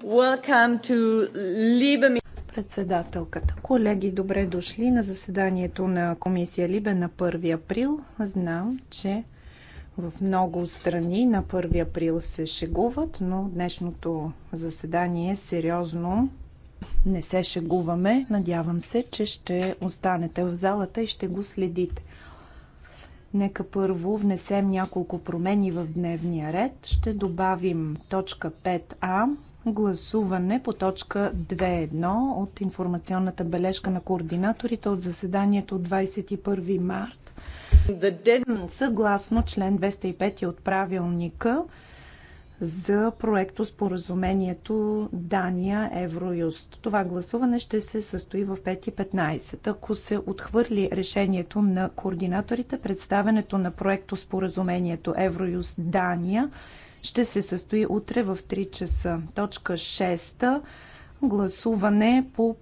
To... Председателката. Колеги, добре дошли на заседанието на комисия Либе на 1 април. Знам, че в много страни на 1 април се шегуват, но днешното заседание е сериозно. Не се шегуваме. Надявам се, че ще останете в залата и ще го следите. Нека първо внесем няколко промени в дневния ред. Ще добавим точка 5а гласуване по точка 2.1 от информационната бележка на координаторите от заседанието от 21 март. Съгласно член 205 от правилника за проекто споразумението Дания Евроюст. Това гласуване ще се състои в 5.15. Ако се отхвърли решението на координаторите, представенето на проекто споразумението Евроюст Дания – ще се състои утре в 3 часа. Точка 6. Гласуване по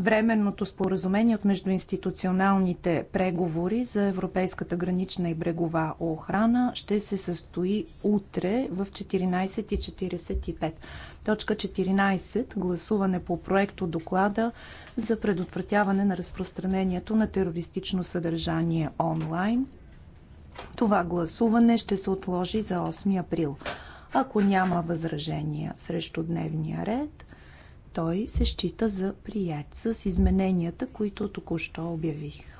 Временното споразумение от междуинституционалните преговори за Европейската гранична и брегова охрана ще се състои утре в 14.45. Точка 14. Гласуване по проекто доклада за предотвратяване на разпространението на терористично съдържание онлайн. Това гласуване ще се отложи за 8 април. Ако няма възражения срещу дневния ред, той се счита за прият с измененията, които току-що обявих.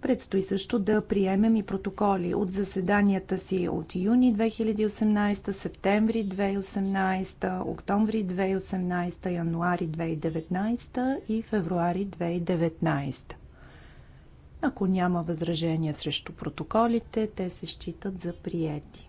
Предстои също да приемем и протоколи от заседанията си от юни 2018, септември 2018, октомври 2018, януари 2019 и февруари 2019. Ако няма възражения срещу протоколите, те се считат за приети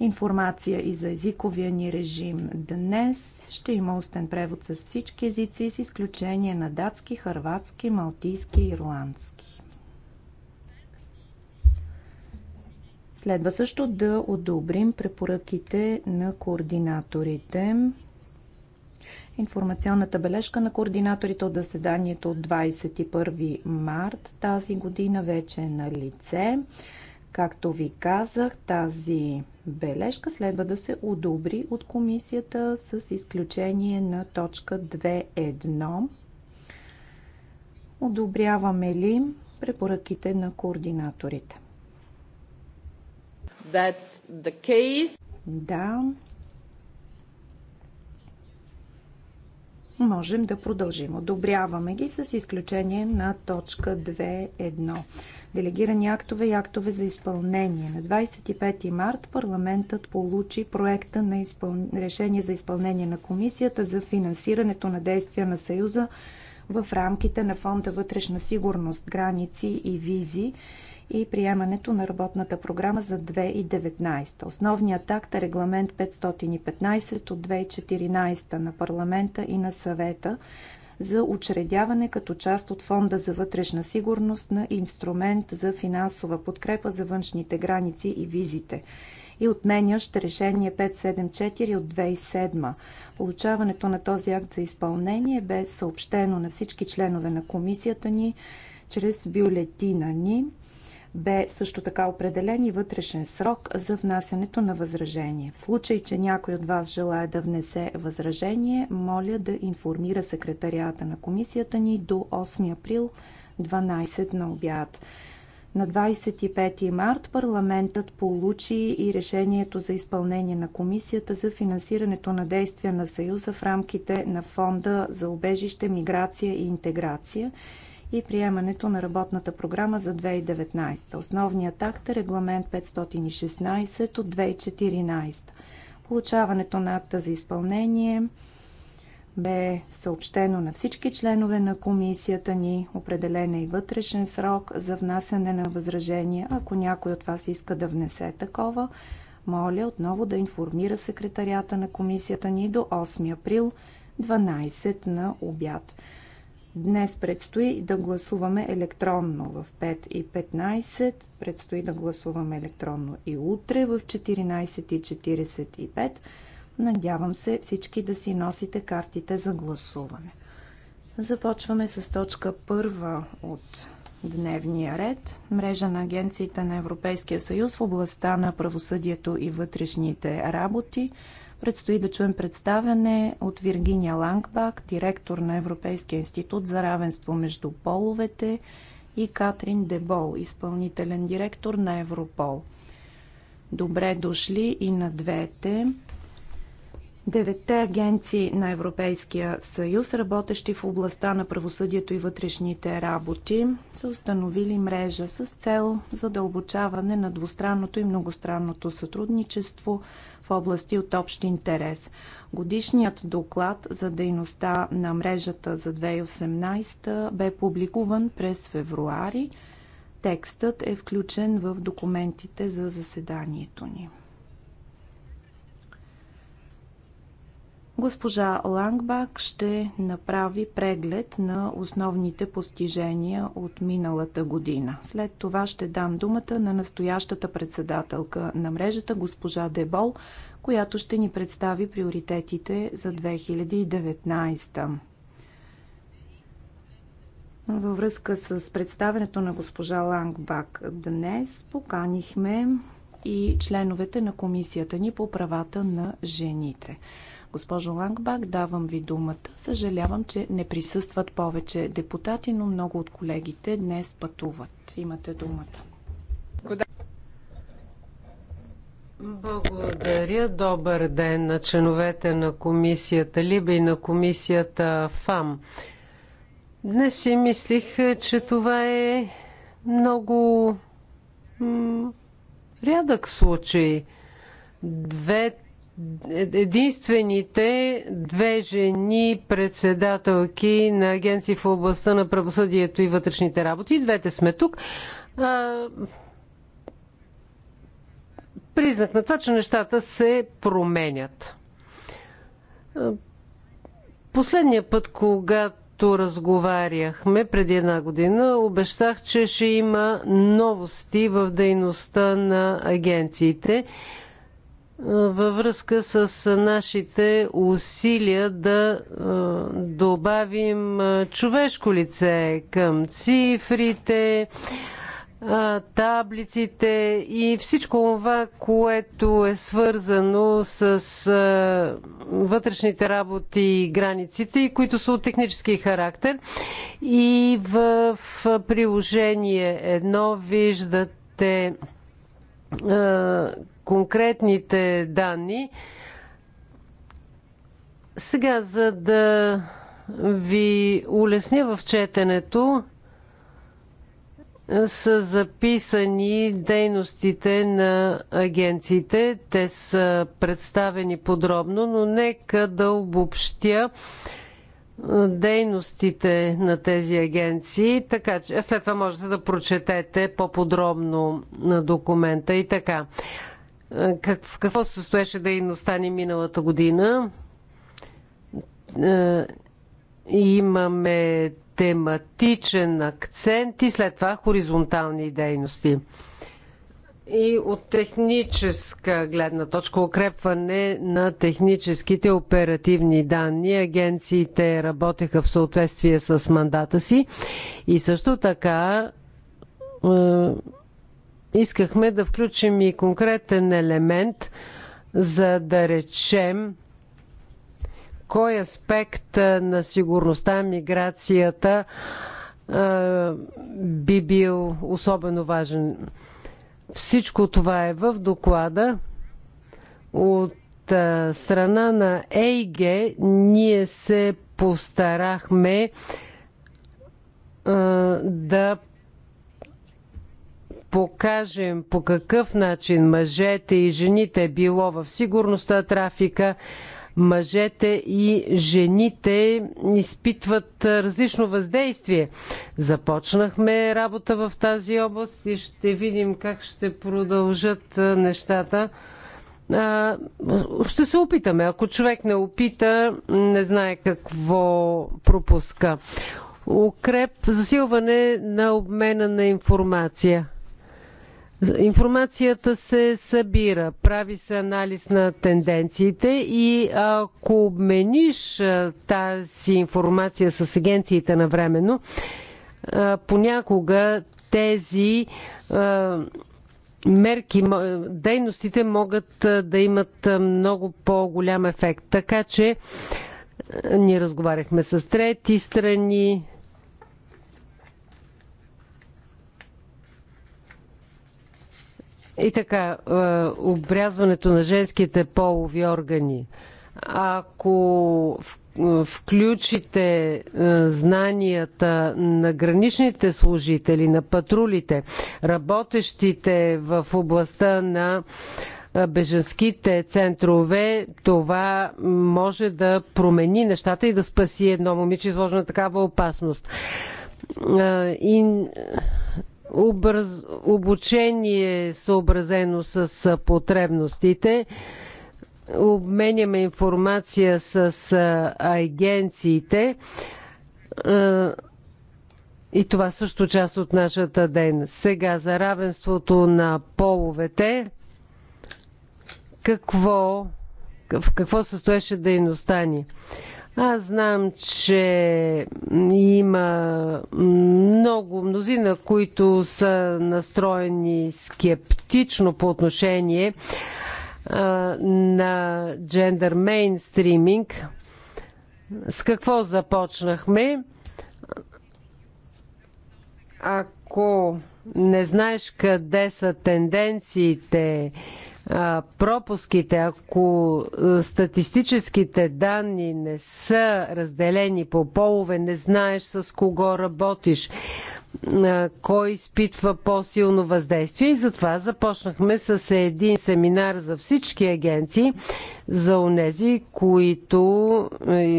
информация и за езиковия ни режим. Днес ще има устен превод с всички езици, с изключение на датски, хърватски, малтийски и ирландски. Следва също да одобрим препоръките на координаторите. Информационната бележка на координаторите от заседанието от 21 март тази година вече е на лице. Както ви казах, тази бележка следва да се одобри от комисията с изключение на точка 2.1. Одобряваме ли препоръките на координаторите? Да, можем да продължим. Одобряваме ги с изключение на точка 2.1. Делегирани актове и актове за изпълнение. На 25 март парламентът получи проекта на изпъл... решение за изпълнение на комисията за финансирането на действия на Съюза в рамките на фонда вътрешна сигурност, граници и визи и приемането на работната програма за 2019. Основният акт е регламент 515 от 2014 на парламента и на съвета за учредяване като част от Фонда за вътрешна сигурност на инструмент за финансова подкрепа за външните граници и визите и отменящ решение 574 от 2007. Получаването на този акт за изпълнение бе съобщено на всички членове на комисията ни чрез бюлетина ни. Бе също така определен и вътрешен срок за внасянето на възражение. В случай, че някой от вас желая да внесе възражение, моля да информира секретарията на комисията ни до 8 април 12 на обяд. На 25 март парламентът получи и решението за изпълнение на Комисията за финансирането на действия на Съюза в рамките на Фонда за обежище, миграция и интеграция и приемането на работната програма за 2019. Основният акт е регламент 516 от 2014. Получаването на акта за изпълнение бе съобщено на всички членове на комисията ни. Определен е и вътрешен срок за внасяне на възражения. Ако някой от вас иска да внесе такова, моля отново да информира секретарията на комисията ни до 8 април 12 на обяд. Днес предстои да гласуваме електронно в 5 и 15. Предстои да гласуваме електронно и утре в 14.45 Надявам се всички да си носите картите за гласуване. Започваме с точка първа от дневния ред. Мрежа на агенциите на Европейския съюз в областта на правосъдието и вътрешните работи. Предстои да чуем представяне от Виргиния Лангбак, директор на Европейския институт за равенство между половете и Катрин Дебол, изпълнителен директор на Европол. Добре дошли и на двете. Деветте агенции на Европейския съюз, работещи в областта на правосъдието и вътрешните работи, са установили мрежа с цел задълбочаване на двустранното и многостранното сътрудничество в области от общ интерес. Годишният доклад за дейността на мрежата за 2018 бе публикуван през февруари. Текстът е включен в документите за заседанието ни. Госпожа Лангбак ще направи преглед на основните постижения от миналата година. След това ще дам думата на настоящата председателка на мрежата, госпожа Дебол, която ще ни представи приоритетите за 2019. Във връзка с представенето на госпожа Лангбак днес поканихме и членовете на комисията ни по правата на жените. Госпожо Лангбак, давам ви думата. Съжалявам, че не присъстват повече депутати, но много от колегите днес пътуват. Имате думата. Благодаря. Добър ден на членовете на комисията Либа и на комисията ФАМ. Днес си мислих, че това е много рядък случай. Двете е- единствените две жени председателки на агенции в областта на правосъдието и вътрешните работи. Двете сме тук. Признак на това, че нещата се променят. Последния път, когато разговаряхме преди една година, обещах, че ще има новости в дейността на агенциите във връзка с нашите усилия да добавим човешко лице към цифрите, таблиците и всичко това, което е свързано с вътрешните работи и границите, и които са от технически характер. И в приложение едно виждате конкретните данни. Сега, за да ви улесня в четенето, са записани дейностите на агенциите. Те са представени подробно, но нека да обобщя дейностите на тези агенции, така че след това можете да прочетете по-подробно на документа и така. Как, в какво се стоеше дейността ни миналата година? Имаме тематичен акцент и след това хоризонтални дейности. И от техническа гледна точка укрепване на техническите оперативни данни. Агенциите работеха в съответствие с мандата си и също така Искахме да включим и конкретен елемент, за да речем кой аспект на сигурността, миграцията би бил особено важен. Всичко това е в доклада. От страна на ЕИГ ние се постарахме да покажем по какъв начин мъжете и жените било в сигурността трафика, мъжете и жените изпитват различно въздействие. Започнахме работа в тази област и ще видим как ще продължат нещата. А, ще се опитаме. Ако човек не опита, не знае какво пропуска. Укреп, засилване на обмена на информация. Информацията се събира, прави се анализ на тенденциите и ако обмениш тази информация с агенциите на понякога тези мерки, дейностите могат да имат много по-голям ефект. Така че ние разговаряхме с трети страни, И така, е, обрязването на женските полови органи. Ако е, включите е, знанията на граничните служители, на патрулите, работещите в областта на беженските центрове, това може да промени нещата и да спаси едно момиче, изложено на такава опасност. И образ, обучение съобразено с потребностите. Обменяме информация с агенциите. И това също част от нашата ден. Сега за равенството на половете. Какво, в какво състоеше дейността ни? Аз знам, че има много мнозина, които са настроени скептично по отношение а, на джендър мейнстриминг. С какво започнахме? Ако не знаеш къде са тенденциите, пропуските, ако статистическите данни не са разделени по полове, не знаеш с кого работиш, кой изпитва по-силно въздействие и затова започнахме с един семинар за всички агенции, за онези, които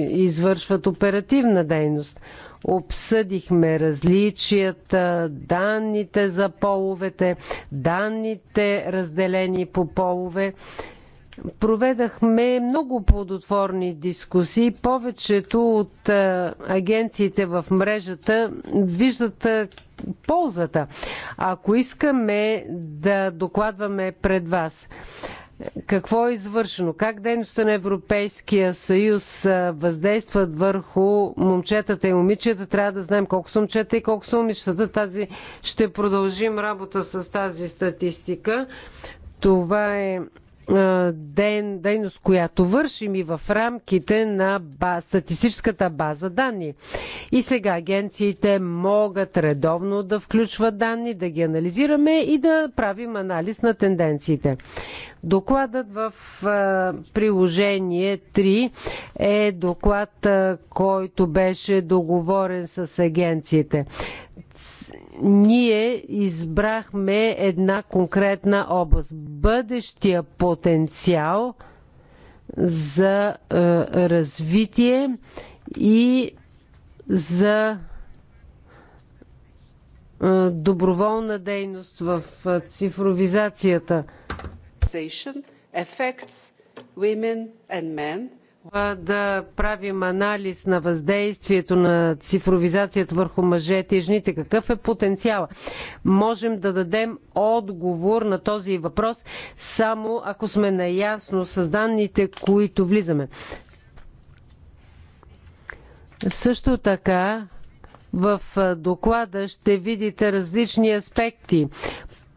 извършват оперативна дейност. Обсъдихме различията, данните за половете, данните разделени по полове Проведахме много плодотворни дискусии. Повечето от агенциите в мрежата виждат ползата. Ако искаме да докладваме пред вас какво е извършено, как дейността на Европейския съюз въздействат върху момчетата и момичета. Трябва да знаем колко са момчета и колко са момичетата. Тази... Ще продължим работа с тази статистика. Това е ден, дейност, която вършим и в рамките на баз, статистическата база данни. И сега агенциите могат редовно да включват данни, да ги анализираме и да правим анализ на тенденциите. Докладът в приложение 3 е доклад, който беше договорен с агенциите ние избрахме една конкретна област. Бъдещия потенциал за е, развитие и за е, доброволна дейност в е, цифровизацията. Women and men да правим анализ на въздействието на цифровизацията върху мъжете и жените. Какъв е потенциала? Можем да дадем отговор на този въпрос само ако сме наясно с данните, които влизаме. Също така в доклада ще видите различни аспекти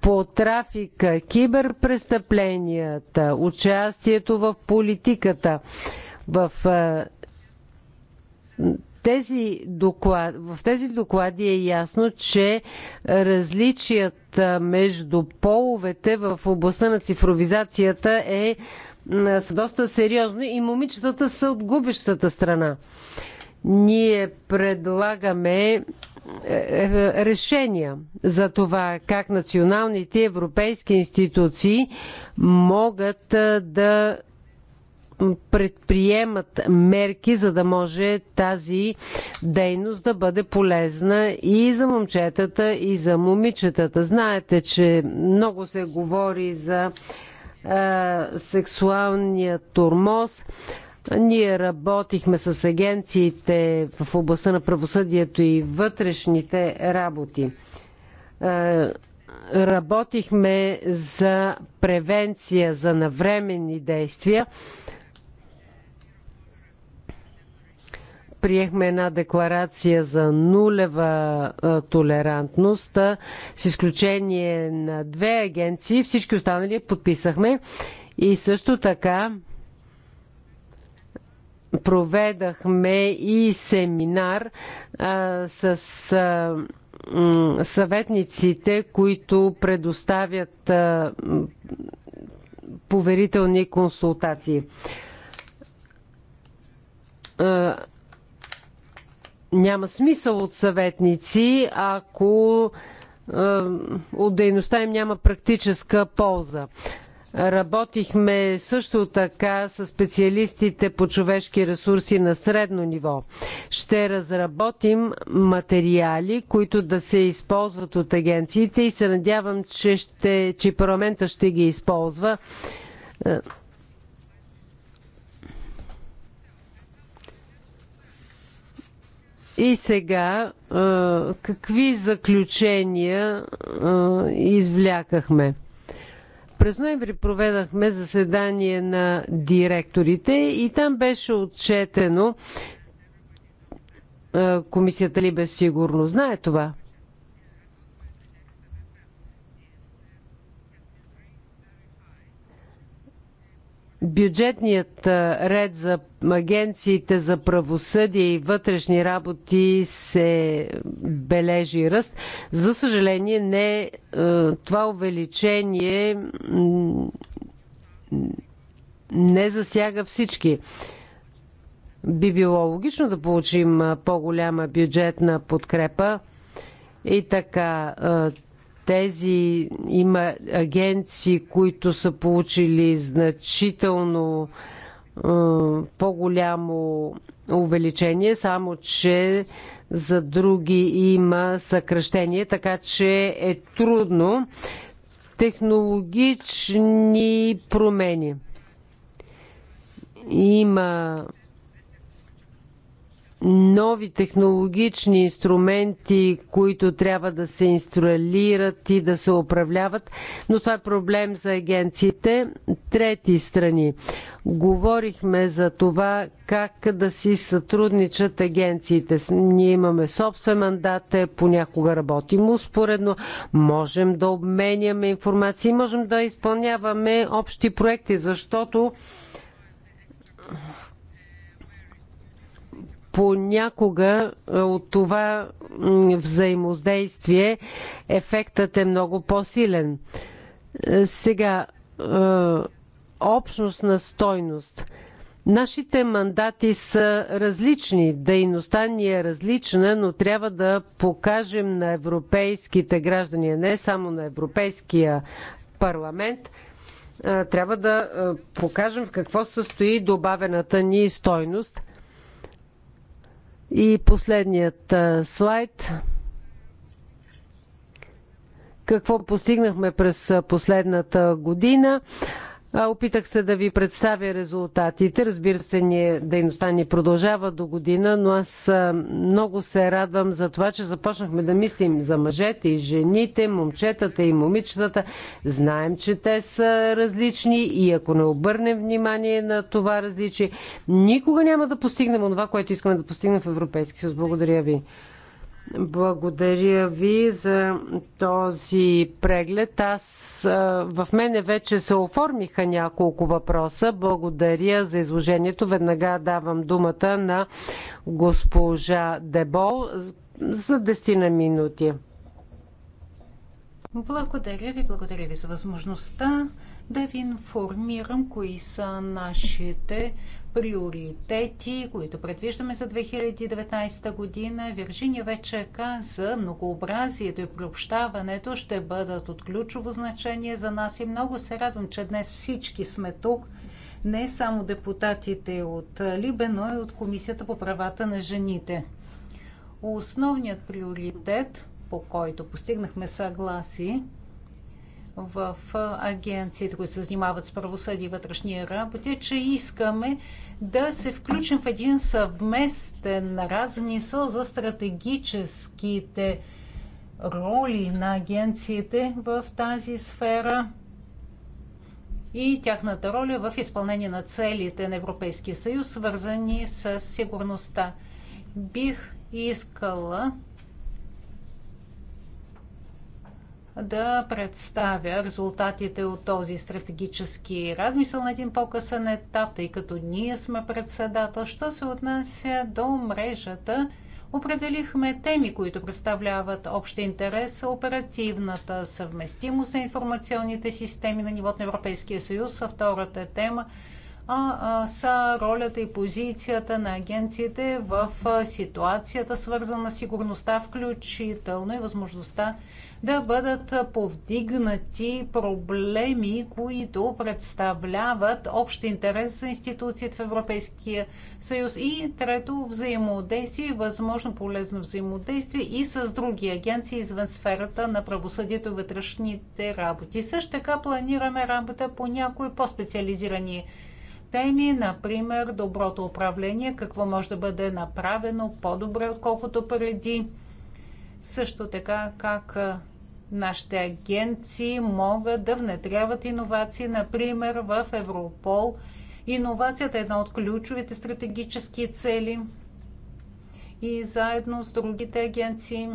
по трафика, киберпрестъпленията, участието в политиката – в тези доклад, в тези доклади е ясно, че различията между половете в областта на цифровизацията е са доста сериозно и момичетата са от губещата страна. Ние предлагаме е, е, решения за това как националните европейски институции могат да предприемат мерки, за да може тази дейност да бъде полезна и за момчетата, и за момичетата. Знаете, че много се говори за е, сексуалния турмоз. Ние работихме с агенциите в областта на правосъдието и вътрешните работи. Е, работихме за превенция, за навременни действия. приехме една декларация за нулева толерантност, с изключение на две агенции. Всички останали подписахме. И също така проведахме и семинар а, с. А, съветниците, които предоставят а, поверителни консултации няма смисъл от съветници, ако е, от дейността им няма практическа полза. Работихме също така с специалистите по човешки ресурси на средно ниво. Ще разработим материали, които да се използват от агенциите и се надявам, че, ще, че парламента ще ги използва е, И сега, какви заключения извлякахме? През ноември проведахме заседание на директорите и там беше отчетено, комисията ли без сигурно знае това, Бюджетният ред за агенциите за правосъдие и вътрешни работи се бележи ръст. За съжаление, не, това увеличение не засяга всички. Би било логично да получим по-голяма бюджетна подкрепа. И така, тези има агенции, които са получили значително по-голямо увеличение, само че за други има съкръщение, така че е трудно технологични промени. Има нови технологични инструменти, които трябва да се инсталират и да се управляват, но това е проблем за агенциите. Трети страни. Говорихме за това как да си сътрудничат агенциите. Ние имаме собствен мандат, понякога работим успоредно, можем да обменяме информация и можем да изпълняваме общи проекти, защото понякога е, от това взаимодействие ефектът е много по-силен. Е, сега, е, общност на стойност. Нашите мандати са различни, дейността ни е различна, но трябва да покажем на европейските граждани, не само на Европейския парламент, трябва да покажем в какво състои добавената ни стойност – и последният слайд. Какво постигнахме през последната година? Опитах се да ви представя резултатите. Разбира се, ние, дейността ни продължава до година, но аз много се радвам за това, че започнахме да мислим за мъжете и жените, момчетата и момичетата. Знаем, че те са различни и ако не обърнем внимание на това различие, никога няма да постигнем това, което искаме да постигнем в Европейския съюз. Благодаря ви. Благодаря ви за този преглед. Аз в мене вече се оформиха няколко въпроса. Благодаря за изложението. Веднага давам думата на госпожа Дебол за 10 на минути. Благодаря ви, благодаря ви за възможността да ви информирам кои са нашите приоритети, които предвиждаме за 2019 година. Виржиния вече каза, многообразието и приобщаването ще бъдат от ключово значение за нас и много се радвам, че днес всички сме тук, не само депутатите от Либе, но и от Комисията по правата на жените. Основният приоритет, по който постигнахме съгласие, в агенциите, които се занимават с правосъдие и вътрешния работи, е, че искаме да се включим в един съвместен размисъл за стратегическите роли на агенциите в тази сфера и тяхната роля в изпълнение на целите на Европейския съюз, свързани с сигурността. Бих искала да представя резултатите от този стратегически размисъл на един по-късен етап, тъй като ние сме председател. Що се отнася до мрежата, определихме теми, които представляват общ интерес, оперативната съвместимост на информационните системи на нивото на Европейския съюз, а втората тема – а, а са ролята и позицията на агенциите в ситуацията, свързана с сигурността, включително и възможността да бъдат повдигнати проблеми, които представляват общ интерес за институциите в Европейския съюз. И трето, взаимодействие и възможно полезно взаимодействие и с други агенции извън сферата на правосъдието и вътрешните работи. Също така планираме работа по някои по-специализирани теми, например доброто управление, какво може да бъде направено по-добре, отколкото преди. Също така как нашите агенции могат да внедряват иновации, например в Европол. Иновацията е една от ключовите стратегически цели и заедно с другите агенции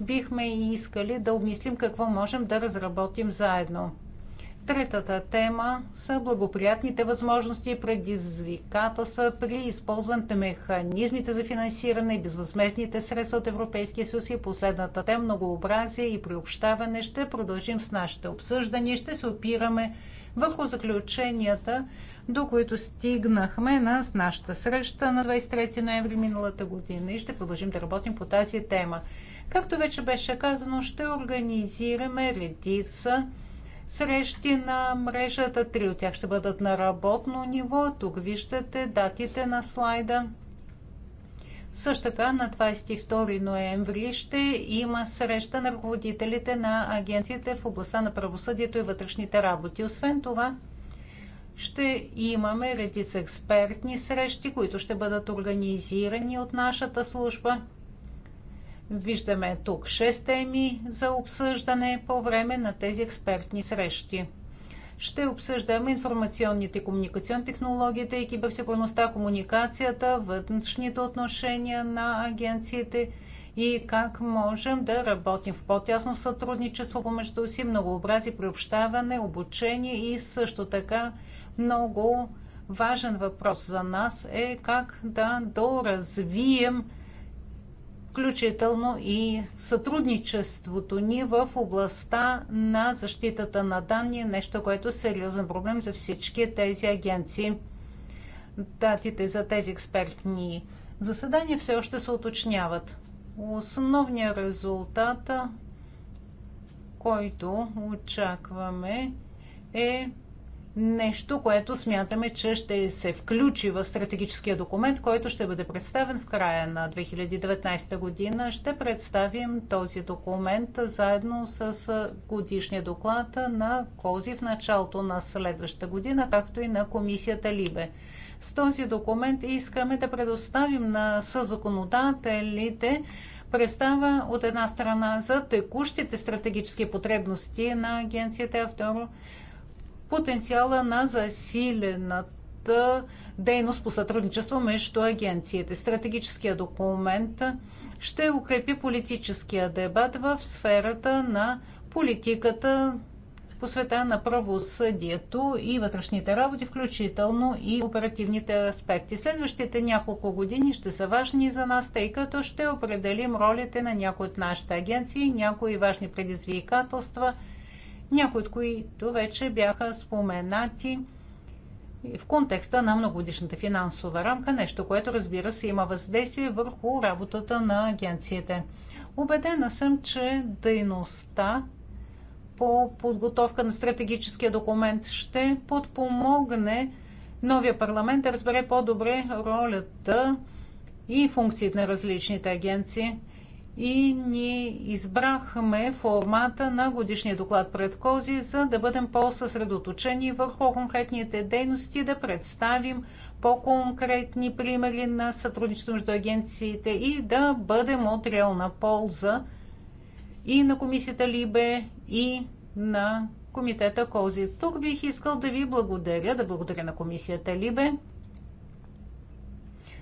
бихме искали да обмислим какво можем да разработим заедно. Третата тема са благоприятните възможности и предизвикателства при използването на механизмите за финансиране и безвъзместните средства от Европейския съюз. И последната тема многообразие и приобщаване. Ще продължим с нашите обсъждания. Ще се опираме върху заключенията, до които стигнахме на нашата среща на 23 ноември миналата година и ще продължим да работим по тази тема. Както вече беше казано, ще организираме редица срещи на мрежата. Три от тях ще бъдат на работно ниво. Тук виждате датите на слайда. Също така на 22 ноември ще има среща на ръководителите на агенциите в областта на правосъдието и вътрешните работи. Освен това, ще имаме редица експертни срещи, които ще бъдат организирани от нашата служба. Виждаме тук 6 теми за обсъждане по време на тези експертни срещи. Ще обсъждаме информационните и комуникационни технологиите и киберсигурността, комуникацията, вътрешните отношения на агенциите и как можем да работим в по-тясно сътрудничество помежду си, многообразие, приобщаване, обучение и също така много важен въпрос за нас е как да доразвием включително и сътрудничеството ни в областта на защитата на данни, е нещо, което е сериозен проблем за всички тези агенции. Датите за тези експертни заседания все още се уточняват. Основният резултат, който очакваме, е нещо, което смятаме, че ще се включи в стратегическия документ, който ще бъде представен в края на 2019 година. Ще представим този документ заедно с годишния доклад на Кози в началото на следващата година, както и на комисията Либе. С този документ искаме да предоставим на съзаконодателите представа от една страна за текущите стратегически потребности на агенцията, а второ потенциала на засилената дейност по сътрудничество между агенциите. Стратегическия документ ще укрепи политическия дебат в сферата на политиката по света на правосъдието и вътрешните работи, включително и оперативните аспекти. Следващите няколко години ще са важни за нас, тъй като ще определим ролите на някои от нашите агенции, някои важни предизвикателства – някои от които вече бяха споменати в контекста на многодишната финансова рамка, нещо, което разбира се има въздействие върху работата на агенциите. Обедена съм, че дейността по подготовка на стратегическия документ ще подпомогне новия парламент да разбере по-добре ролята и функциите на различните агенции и ние избрахме формата на годишния доклад пред Кози, за да бъдем по-съсредоточени върху конкретните дейности, да представим по-конкретни примери на сътрудничество между агенциите и да бъдем от реална полза и на комисията Либе, и на комитета Кози. Тук бих искал да ви благодаря, да благодаря на комисията Либе,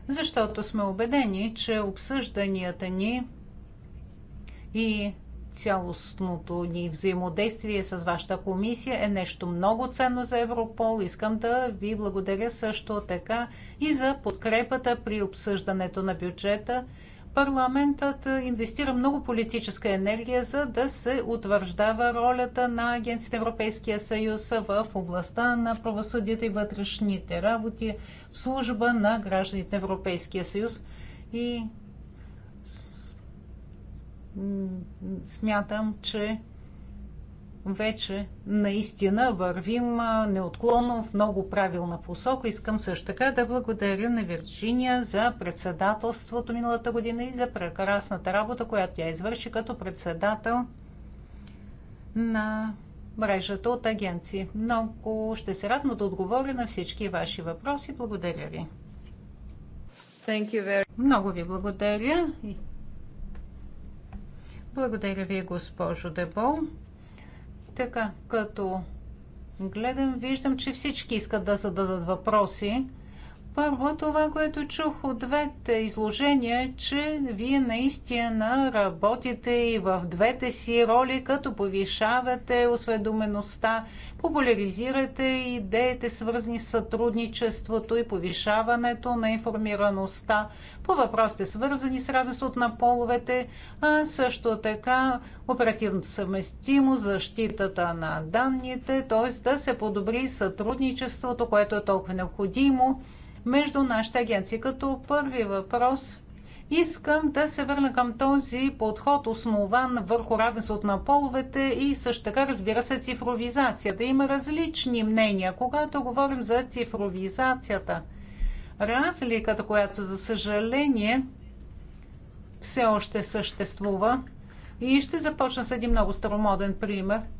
защото сме убедени, че обсъжданията ни и цялостното ни взаимодействие с вашата комисия е нещо много ценно за Европол. Искам да ви благодаря също така и за подкрепата при обсъждането на бюджета. Парламентът инвестира много политическа енергия, за да се утвърждава ролята на на Европейския съюз в областта на правосъдието и вътрешните работи в служба на гражданите на Европейския съюз. И смятам, че вече наистина вървим неотклонно в много правилна посока. Искам също така да благодаря на Вирджиния за председателството миналата година и за прекрасната работа, която тя извърши като председател на мрежата от агенции. Много ще се радно да отговоря на всички ваши въпроси. Благодаря ви. Много ви благодаря. Благодаря ви, госпожо Дебол. Така, като гледам, виждам, че всички искат да зададат въпроси. Първо, това, което чух от двете изложения, е, че вие наистина работите и в двете си роли, като повишавате осведомеността, популяризирате идеите, свързани с сътрудничеството и повишаването на информираността по въпросите, свързани с равенството на половете, а също така оперативната съвместимост, защитата на данните, т.е. да се подобри сътрудничеството, което е толкова необходимо между нашите агенции. Като първи въпрос искам да се върна към този подход, основан върху равенството на половете и също така, разбира се, цифровизацията. Има различни мнения, когато говорим за цифровизацията. Разликата, която за съжаление все още съществува, и ще започна с един много старомоден пример –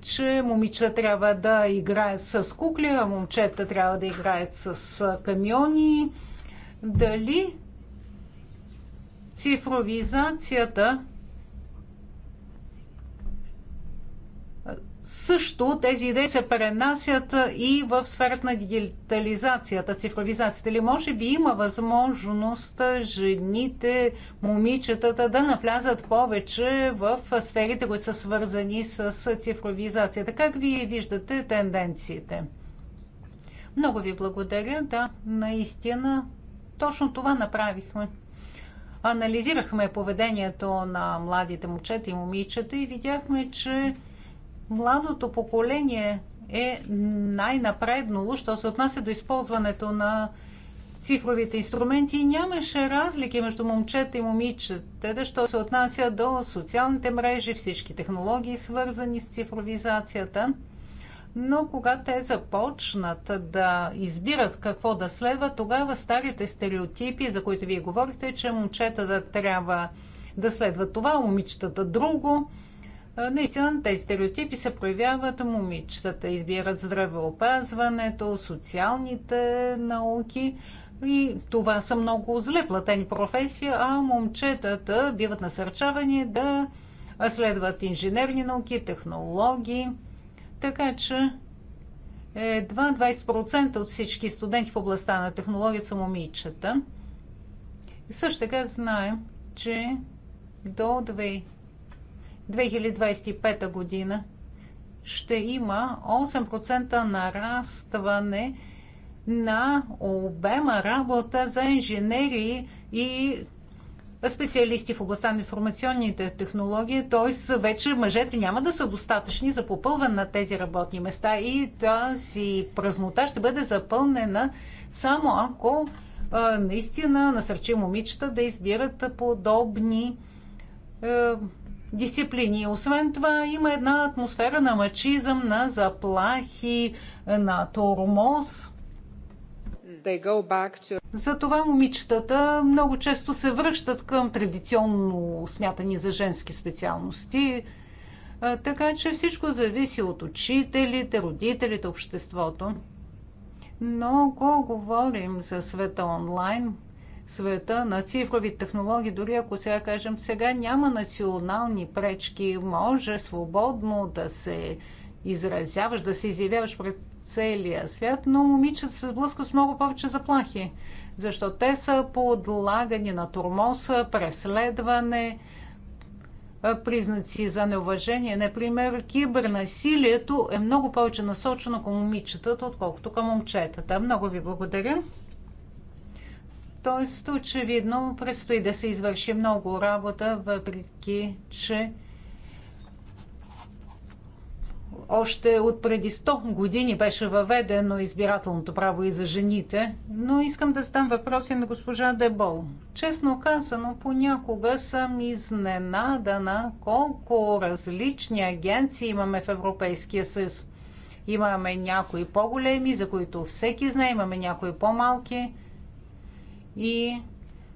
че момичета трябва да играят с кукли, а момчета трябва да играят с камиони. Дали цифровизацията също тези идеи се пренасят и в сферата на дигитализацията, цифровизацията. Или може би има възможност жените, момичетата да навлязат повече в сферите, които са свързани с цифровизацията. Как вие виждате тенденциите? Много ви благодаря. Да, наистина точно това направихме. Анализирахме поведението на младите момчета и момичета и видяхме, че младото поколение е най-напреднало, що се отнася до използването на цифровите инструменти и нямаше разлики между момчета и да що се отнася до социалните мрежи, всички технологии, свързани с цифровизацията. Но когато те започнат да избират какво да следва, тогава старите стереотипи, за които вие говорите, че момчетата трябва да следват това, момичетата друго, наистина тези стереотипи се проявяват момичетата. Избират здравеопазването, социалните науки и това са много зле платени професии, а момчетата биват насърчавани да следват инженерни науки, технологии. Така че едва 20% от всички студенти в областта на технология са момичета. И също така знаем, че до 2000 2025 година ще има 8% нарастване на обема работа за инженери и специалисти в областта на информационните технологии, т.е. вече мъжете няма да са достатъчни за попълване на тези работни места и тази празнота ще бъде запълнена само ако наистина насърчи момичета да избират подобни е, дисциплини. Освен това, има една атмосфера на мачизъм, на заплахи, на тормоз. To... Затова момичетата много често се връщат към традиционно смятани за женски специалности. Така че всичко зависи от учителите, родителите, обществото. Много говорим за света онлайн – света на цифрови технологии, дори ако сега кажем, сега няма национални пречки, може свободно да се изразяваш, да се изявяваш пред целия свят, но момичета се сблъскват с много повече заплахи, защото те са подлагани на турмоса, преследване, признаци за неуважение. Например, кибернасилието е много повече насочено към момичетата, отколкото към момчетата. Много ви благодаря. Тоест, очевидно, предстои да се извърши много работа, въпреки че още от преди 100 години беше въведено избирателното право и за жените, но искам да задам въпроси на госпожа Дебол. Честно казано, понякога съм изненадана колко различни агенции имаме в Европейския съюз. Имаме някои по-големи, за които всеки знае, имаме някои по-малки – и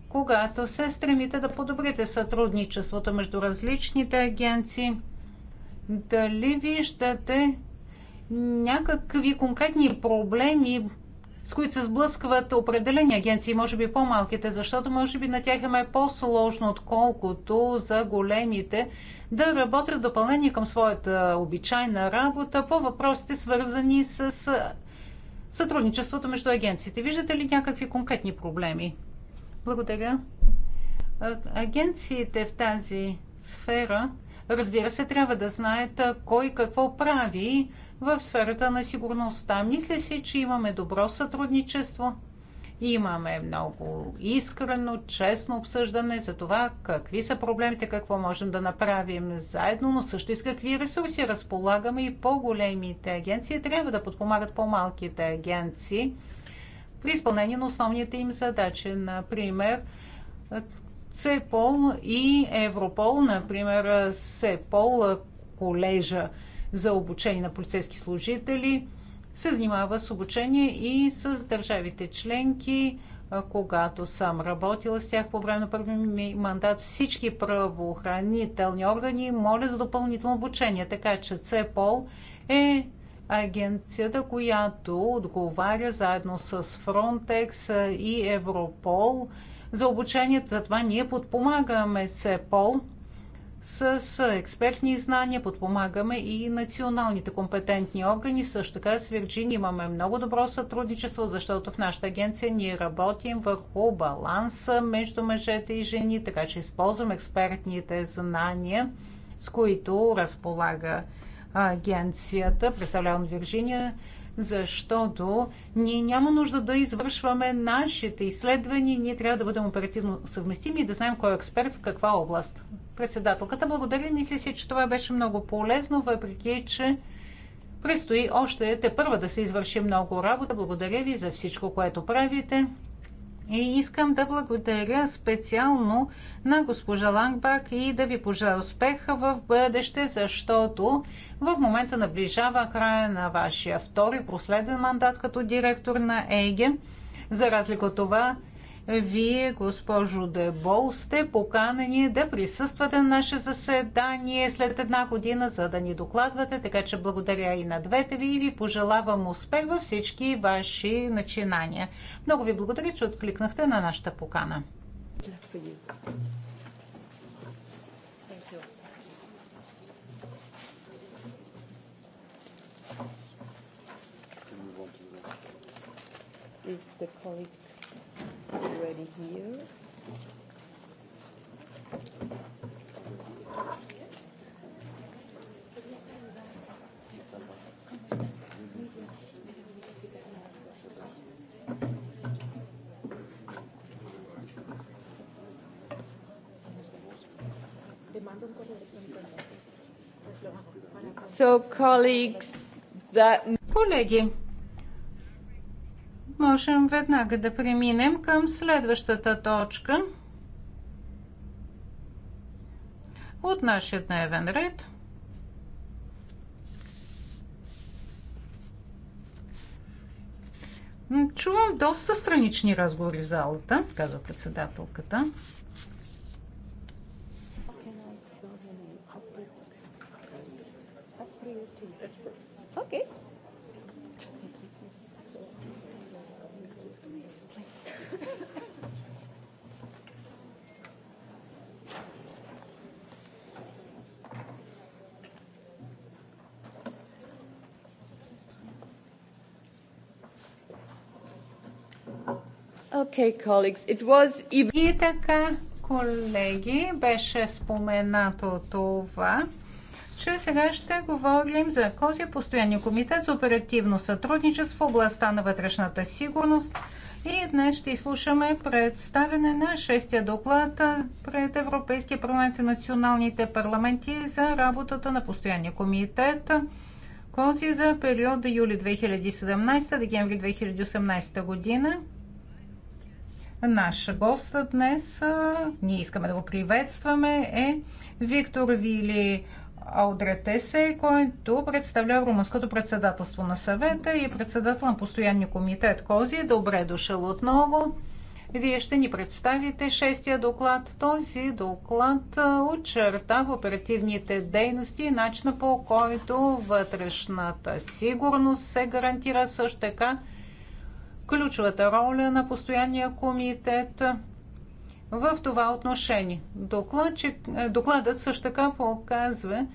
когато се стремите да подобрите сътрудничеството между различните агенции, дали виждате някакви конкретни проблеми, с които се сблъскват определени агенции, може би по-малките, защото може би на тях им е по-сложно, отколкото за големите, да работят в допълнение към своята обичайна работа по въпросите, свързани с сътрудничеството между агенциите. Виждате ли някакви конкретни проблеми? Благодаря. Агенциите в тази сфера, разбира се, трябва да знаят кой какво прави в сферата на сигурността. Мисля си, че имаме добро сътрудничество. Имаме много искрено, честно обсъждане за това какви са проблемите, какво можем да направим заедно, но също и с какви ресурси разполагаме и по-големите агенции трябва да подпомагат по-малките агенции при изпълнение на основните им задачи. Например, ЦЕПОЛ и Европол, например, СЕПОЛ, колежа за обучение на полицейски служители – се занимава с обучение и с държавите членки, когато съм работила с тях по време на първи ми мандат, всички правоохранителни органи моля за допълнително обучение. Така че ЦЕПОЛ е агенцията, която отговаря заедно с Frontex и Европол за обучението. Затова ние подпомагаме ЦЕПОЛ – с експертни знания подпомагаме и националните компетентни органи. Също така с Вирджини имаме много добро сътрудничество, защото в нашата агенция ние работим върху баланса между мъжете и жени, така че използваме експертните знания, с които разполага агенцията, представлявам Вирджиния, защото ние няма нужда да извършваме нашите изследвания, ние трябва да бъдем оперативно съвместими и да знаем кой е експерт в каква област председателката. Благодаря. Мисля си, че това беше много полезно, въпреки че предстои още те първа да се извърши много работа. Благодаря ви за всичко, което правите. И искам да благодаря специално на госпожа Лангбак и да ви пожелая успеха в бъдеще, защото в момента наближава края на вашия втори последен мандат като директор на ЕГЕ. За разлика от това, вие, госпожо Дебол, сте поканени да присъствате на наше заседание след една година, за да ни докладвате, така че благодаря и на двете ви и ви пожелавам успех във всички ваши начинания. Много ви благодаря, че откликнахте на нашата покана. Is the colleague already here. So, colleagues, that... Колеги, можем веднага да преминем към следващата точка от нашия дневен ред. Чувам доста странични разговори в залата, казва председателката. Okay, colleagues, it was... И така, колеги, беше споменато това, че сега ще говорим за козия, постоянния комитет за оперативно сътрудничество в областта на вътрешната сигурност. И днес ще изслушаме представене на шестия доклад пред Европейския парламент и националните парламенти за работата на постоянния комитет Кози за периода юли 2017-декември 2018 година. Наш гост днес, ние искаме да го приветстваме, е Виктор Вили Аудретесе, който представлява румънското председателство на съвета и е председател на постоянния комитет Кози. Добре дошъл отново. Вие ще ни представите шестия доклад. Този доклад в оперативните дейности и начина по който вътрешната сигурност се гарантира също така ключовата роля на постоянния комитет в това отношение. Доклад, че, докладът също така показва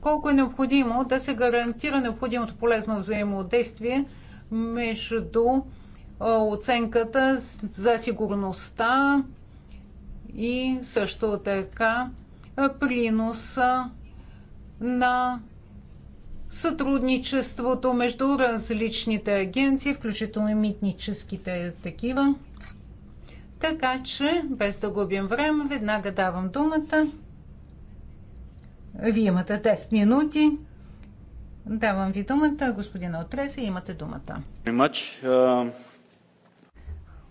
колко е необходимо да се гарантира необходимото полезно взаимодействие между е, оценката за сигурността и също така е, приноса на сътрудничеството между различните агенции, включително и митническите такива. Така че, без да губим време, веднага давам думата. Вие имате 10 минути. Давам ви думата, господина Отреса, имате думата.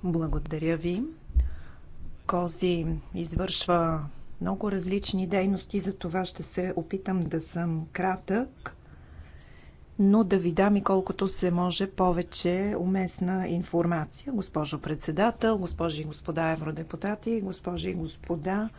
Благодаря ви. Кози извършва много различни дейности, за това ще се опитам да съм кратък но да ви дам и колкото се може повече уместна информация. Госпожо председател, госпожи и господа евродепутати, госпожи и господа,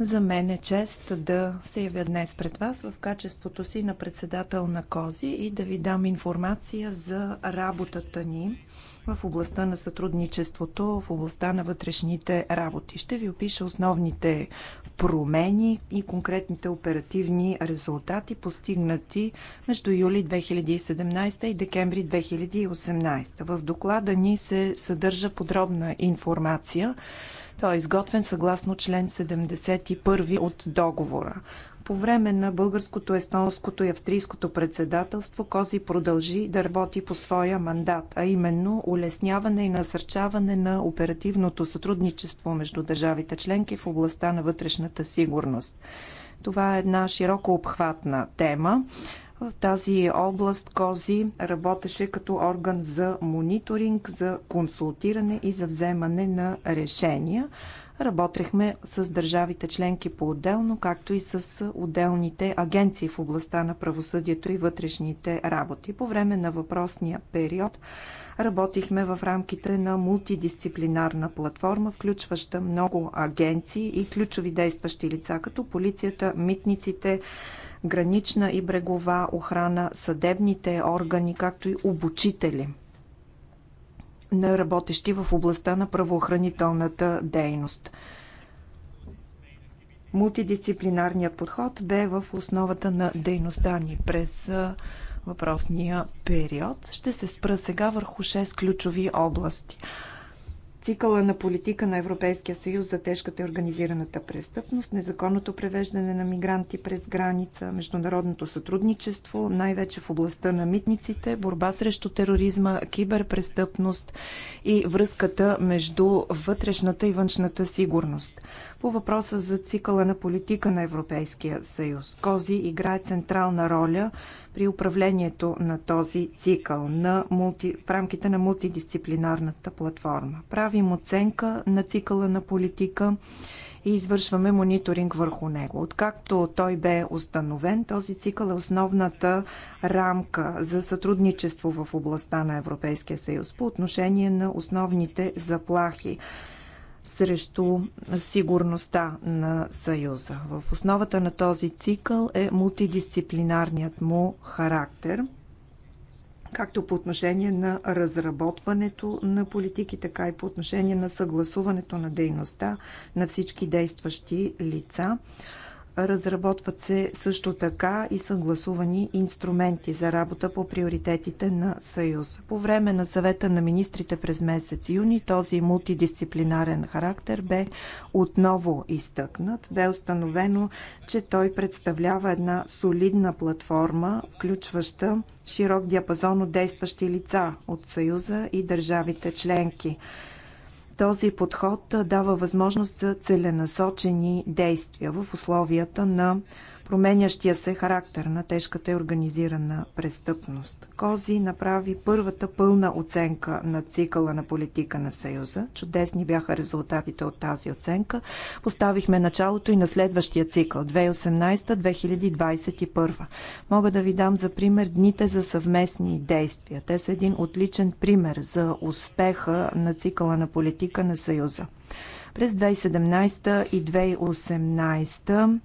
за мен е чест да се явя днес пред вас в качеството си на председател на КОЗИ и да ви дам информация за работата ни в областта на сътрудничеството, в областта на вътрешните работи. Ще ви опиша основните промени и конкретните оперативни резултати, постигнати между юли 2017 и декември 2018. В доклада ни се съдържа подробна информация. Той е изготвен съгласно член 71 от договора. По време на българското, естонското и австрийското председателство Кози продължи да работи по своя мандат, а именно улесняване и насърчаване на оперативното сътрудничество между държавите членки в областта на вътрешната сигурност. Това е една широко обхватна тема. В тази област Кози работеше като орган за мониторинг, за консултиране и за вземане на решения. Работехме с държавите членки по-отделно, както и с отделните агенции в областта на правосъдието и вътрешните работи. По време на въпросния период работихме в рамките на мултидисциплинарна платформа, включваща много агенции и ключови действащи лица, като полицията, митниците, гранична и брегова охрана, съдебните органи, както и обучители на работещи в областта на правоохранителната дейност. Мултидисциплинарният подход бе в основата на дейността ни през въпросния период. Ще се спра сега върху 6 ключови области цикъла на политика на Европейския съюз за тежката и организираната престъпност, незаконното превеждане на мигранти през граница, международното сътрудничество, най-вече в областта на митниците, борба срещу тероризма, киберпрестъпност и връзката между вътрешната и външната сигурност. По въпроса за цикъла на политика на Европейския съюз, Кози играе централна роля при управлението на този цикъл на мулти, в рамките на мултидисциплинарната платформа. Правим оценка на цикъла на политика и извършваме мониторинг върху него. Откакто той бе установен, този цикъл е основната рамка за сътрудничество в областта на Европейския съюз по отношение на основните заплахи срещу сигурността на Съюза. В основата на този цикъл е мултидисциплинарният му характер – както по отношение на разработването на политики, така и по отношение на съгласуването на дейността на всички действащи лица. Разработват се също така и съгласувани инструменти за работа по приоритетите на Съюз. По време на съвета на министрите през месец юни този мултидисциплинарен характер бе отново изтъкнат. Бе установено, че той представлява една солидна платформа, включваща широк диапазон от действащи лица от Съюза и държавите членки. Този подход дава възможност за целенасочени действия в условията на променящия се характер на тежката и организирана престъпност. Кози направи първата пълна оценка на цикъла на политика на Съюза. Чудесни бяха резултатите от тази оценка. Поставихме началото и на следващия цикъл 2018-2021. Мога да ви дам за пример дните за съвместни действия. Те са един отличен пример за успеха на цикъла на политика на Съюза. През 2017 и 2018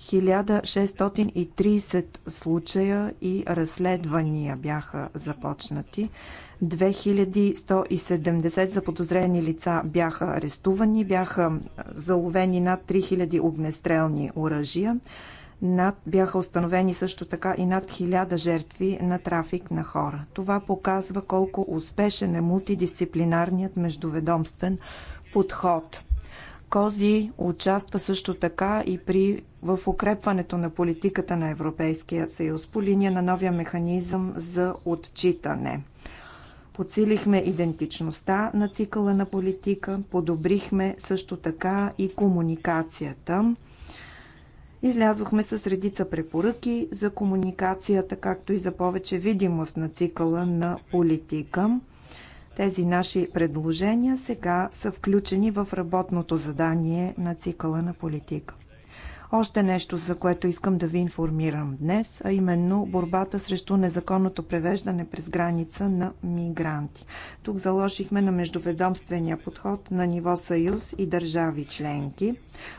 1630 случая и разследвания бяха започнати. 2170 заподозрени лица бяха арестувани, бяха заловени над 3000 огнестрелни оръжия. Над, бяха установени също така и над 1000 жертви на трафик на хора. Това показва колко успешен е мултидисциплинарният междуведомствен подход. Кози участва също така и при в укрепването на политиката на Европейския съюз по линия на новия механизъм за отчитане. Подсилихме идентичността на цикъла на политика, подобрихме също така и комуникацията. Излязохме с редица препоръки за комуникацията, както и за повече видимост на цикъла на политика. Тези наши предложения сега са включени в работното задание на цикъла на политика. Още нещо, за което искам да ви информирам днес, а именно борбата срещу незаконното превеждане през граница на мигранти. Тук заложихме на междуведомствения подход на ниво Съюз и държави членки.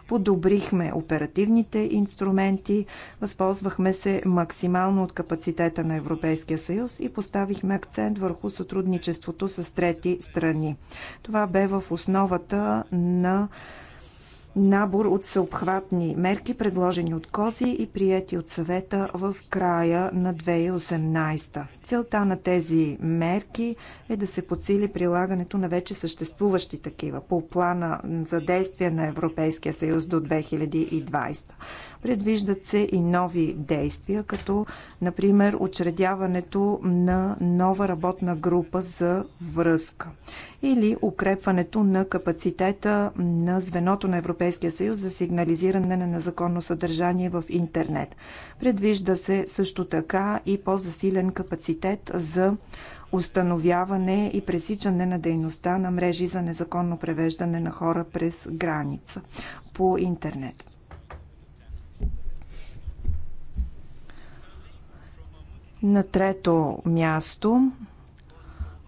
Подобрихме оперативните инструменти, възползвахме се максимално от капацитета на Европейския съюз и поставихме акцент върху сътрудничеството с трети страни. Това бе в основата на набор от съобхватни мерки, предложени от КОЗИ и прияти от съвета в края на 2018. Целта на тези мерки е да се подсили прилагането на вече съществуващи такива по плана за действие на Европейския съюз до 2020. Предвиждат се и нови действия, като например учредяването на нова работна група за връзка или укрепването на капацитета на звеното на Европейския съюз за сигнализиране на незаконно съдържание в интернет. Предвижда се също така и по-засилен капацитет за установяване и пресичане на дейността на мрежи за незаконно превеждане на хора през граница по интернет. На трето място,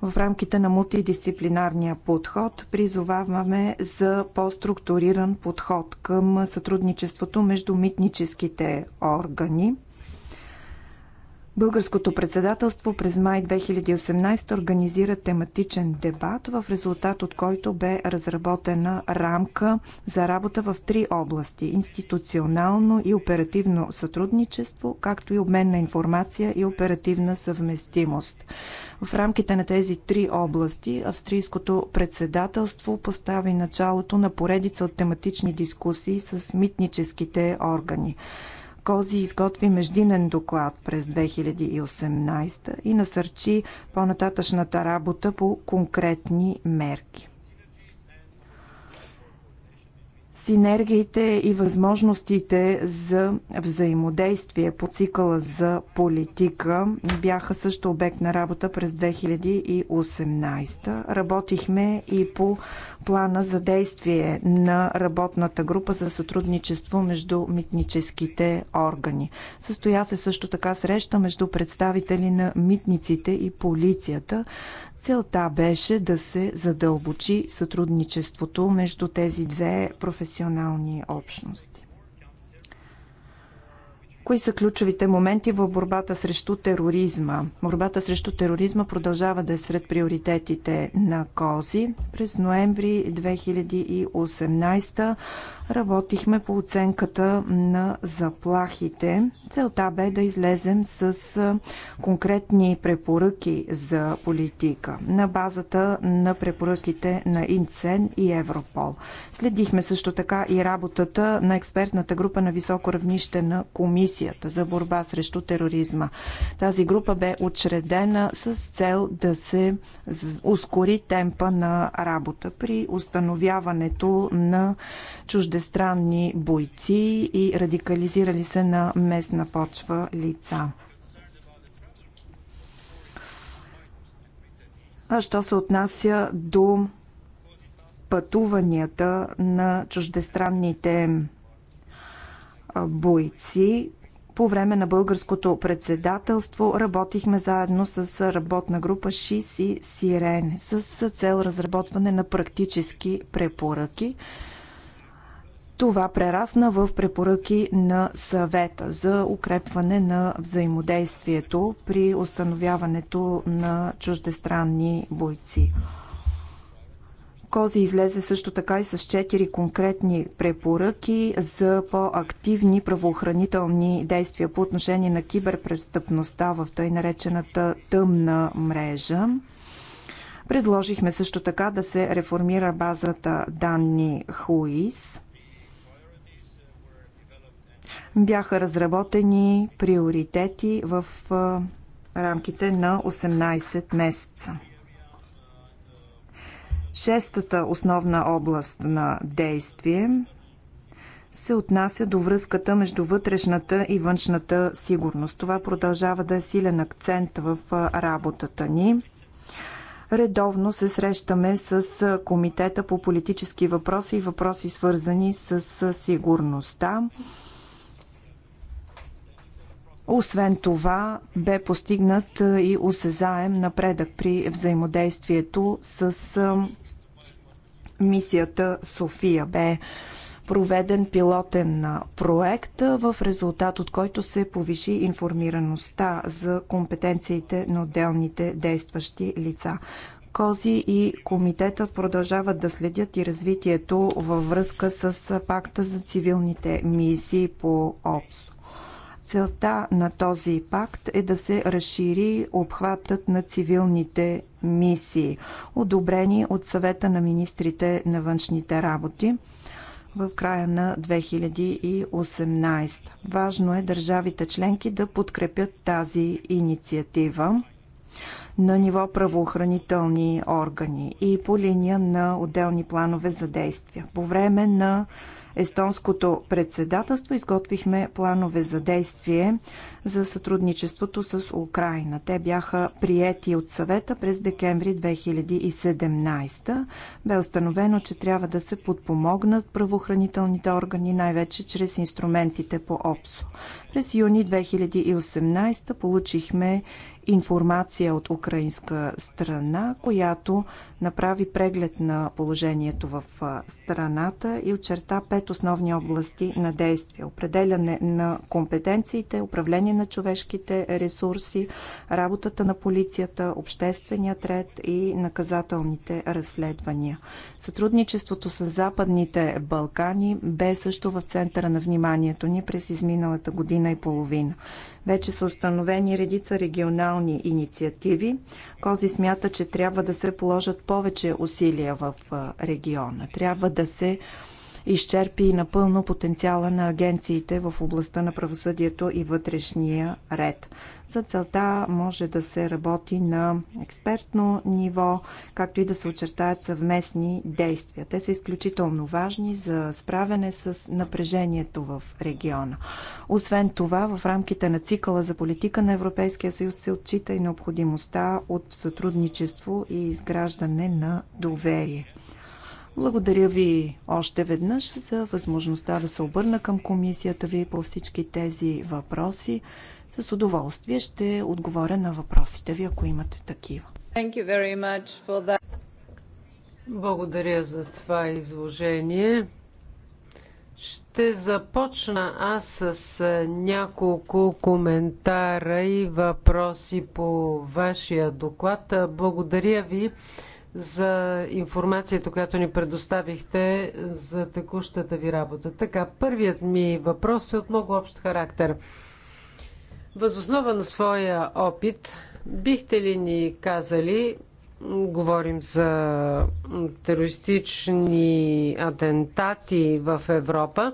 в рамките на мултидисциплинарния подход, призоваваме за по-структуриран подход към сътрудничеството между митническите органи. Българското председателство през май 2018 организира тематичен дебат, в резултат от който бе разработена рамка за работа в три области – институционално и оперативно сътрудничество, както и обмен на информация и оперативна съвместимост. В рамките на тези три области австрийското председателство постави началото на поредица от тематични дискусии с митническите органи. Кози изготви междинен доклад през 2018 и насърчи по-нататъчната работа по конкретни мерки. синергиите и възможностите за взаимодействие по цикъла за политика бяха също обект на работа през 2018. Работихме и по плана за действие на работната група за сътрудничество между митническите органи. Състоя се също така среща между представители на митниците и полицията, Целта беше да се задълбочи сътрудничеството между тези две професионални общности. Кои са ключовите моменти в борбата срещу тероризма? Борбата срещу тероризма продължава да е сред приоритетите на КОЗИ. През ноември 2018 работихме по оценката на заплахите. Целта бе да излезем с конкретни препоръки за политика на базата на препоръките на Инцен и Европол. Следихме също така и работата на експертната група на високо равнище на комисия Комисията за борба срещу тероризма. Тази група бе учредена с цел да се ускори темпа на работа при установяването на чуждестранни бойци и радикализирали се на местна почва лица. А що се отнася до пътуванията на чуждестранните бойци, по време на българското председателство работихме заедно с работна група ШИС и СИРЕН с цел разработване на практически препоръки. Това прерасна в препоръки на съвета за укрепване на взаимодействието при установяването на чуждестранни бойци. Кози излезе също така и с четири конкретни препоръки за по-активни правоохранителни действия по отношение на киберпрестъпността в тъй наречената тъмна мрежа. Предложихме също така да се реформира базата данни ХУИС. Бяха разработени приоритети в рамките на 18 месеца. Шестата основна област на действие се отнася до връзката между вътрешната и външната сигурност. Това продължава да е силен акцент в работата ни. Редовно се срещаме с Комитета по политически въпроси и въпроси свързани с сигурността. Освен това, бе постигнат и осезаем напредък при взаимодействието с мисията София бе проведен пилотен проект, в резултат от който се повиши информираността за компетенциите на отделните действащи лица. Кози и комитетът продължават да следят и развитието във връзка с пакта за цивилните мисии по ОПСО. Целта на този пакт е да се разшири обхватът на цивилните мисии, одобрени от съвета на министрите на външните работи в края на 2018. Важно е държавите членки да подкрепят тази инициатива на ниво правоохранителни органи и по линия на отделни планове за действия. По време на естонското председателство изготвихме планове за действие за сътрудничеството с Украина. Те бяха приети от съвета през декември 2017. Бе установено, че трябва да се подпомогнат правоохранителните органи, най-вече чрез инструментите по ОПСО. През юни 2018 получихме информация от украинска страна, която направи преглед на положението в страната и очерта пет основни области на действие. Определяне на компетенциите, управление на човешките ресурси, работата на полицията, общественият ред и наказателните разследвания. Сътрудничеството с Западните Балкани бе също в центъра на вниманието ни през изминалата година и половина. Вече са установени редица регионални инициативи. Кози смята, че трябва да се положат повече усилия в региона. Трябва да се изчерпи напълно потенциала на агенциите в областта на правосъдието и вътрешния ред. За целта може да се работи на експертно ниво, както и да се очертаят съвместни действия. Те са изключително важни за справяне с напрежението в региона. Освен това, в рамките на цикъла за политика на Европейския съюз се отчита и необходимостта от сътрудничество и изграждане на доверие. Благодаря ви още веднъж за възможността да се обърна към комисията ви по всички тези въпроси. С удоволствие ще отговоря на въпросите ви, ако имате такива. Благодаря за това изложение. Ще започна аз с няколко коментара и въпроси по вашия доклад. Благодаря ви за информацията, която ни предоставихте за текущата ви работа. Така, първият ми въпрос е от много общ характер. Възоснова на своя опит, бихте ли ни казали, говорим за терористични атентати в Европа,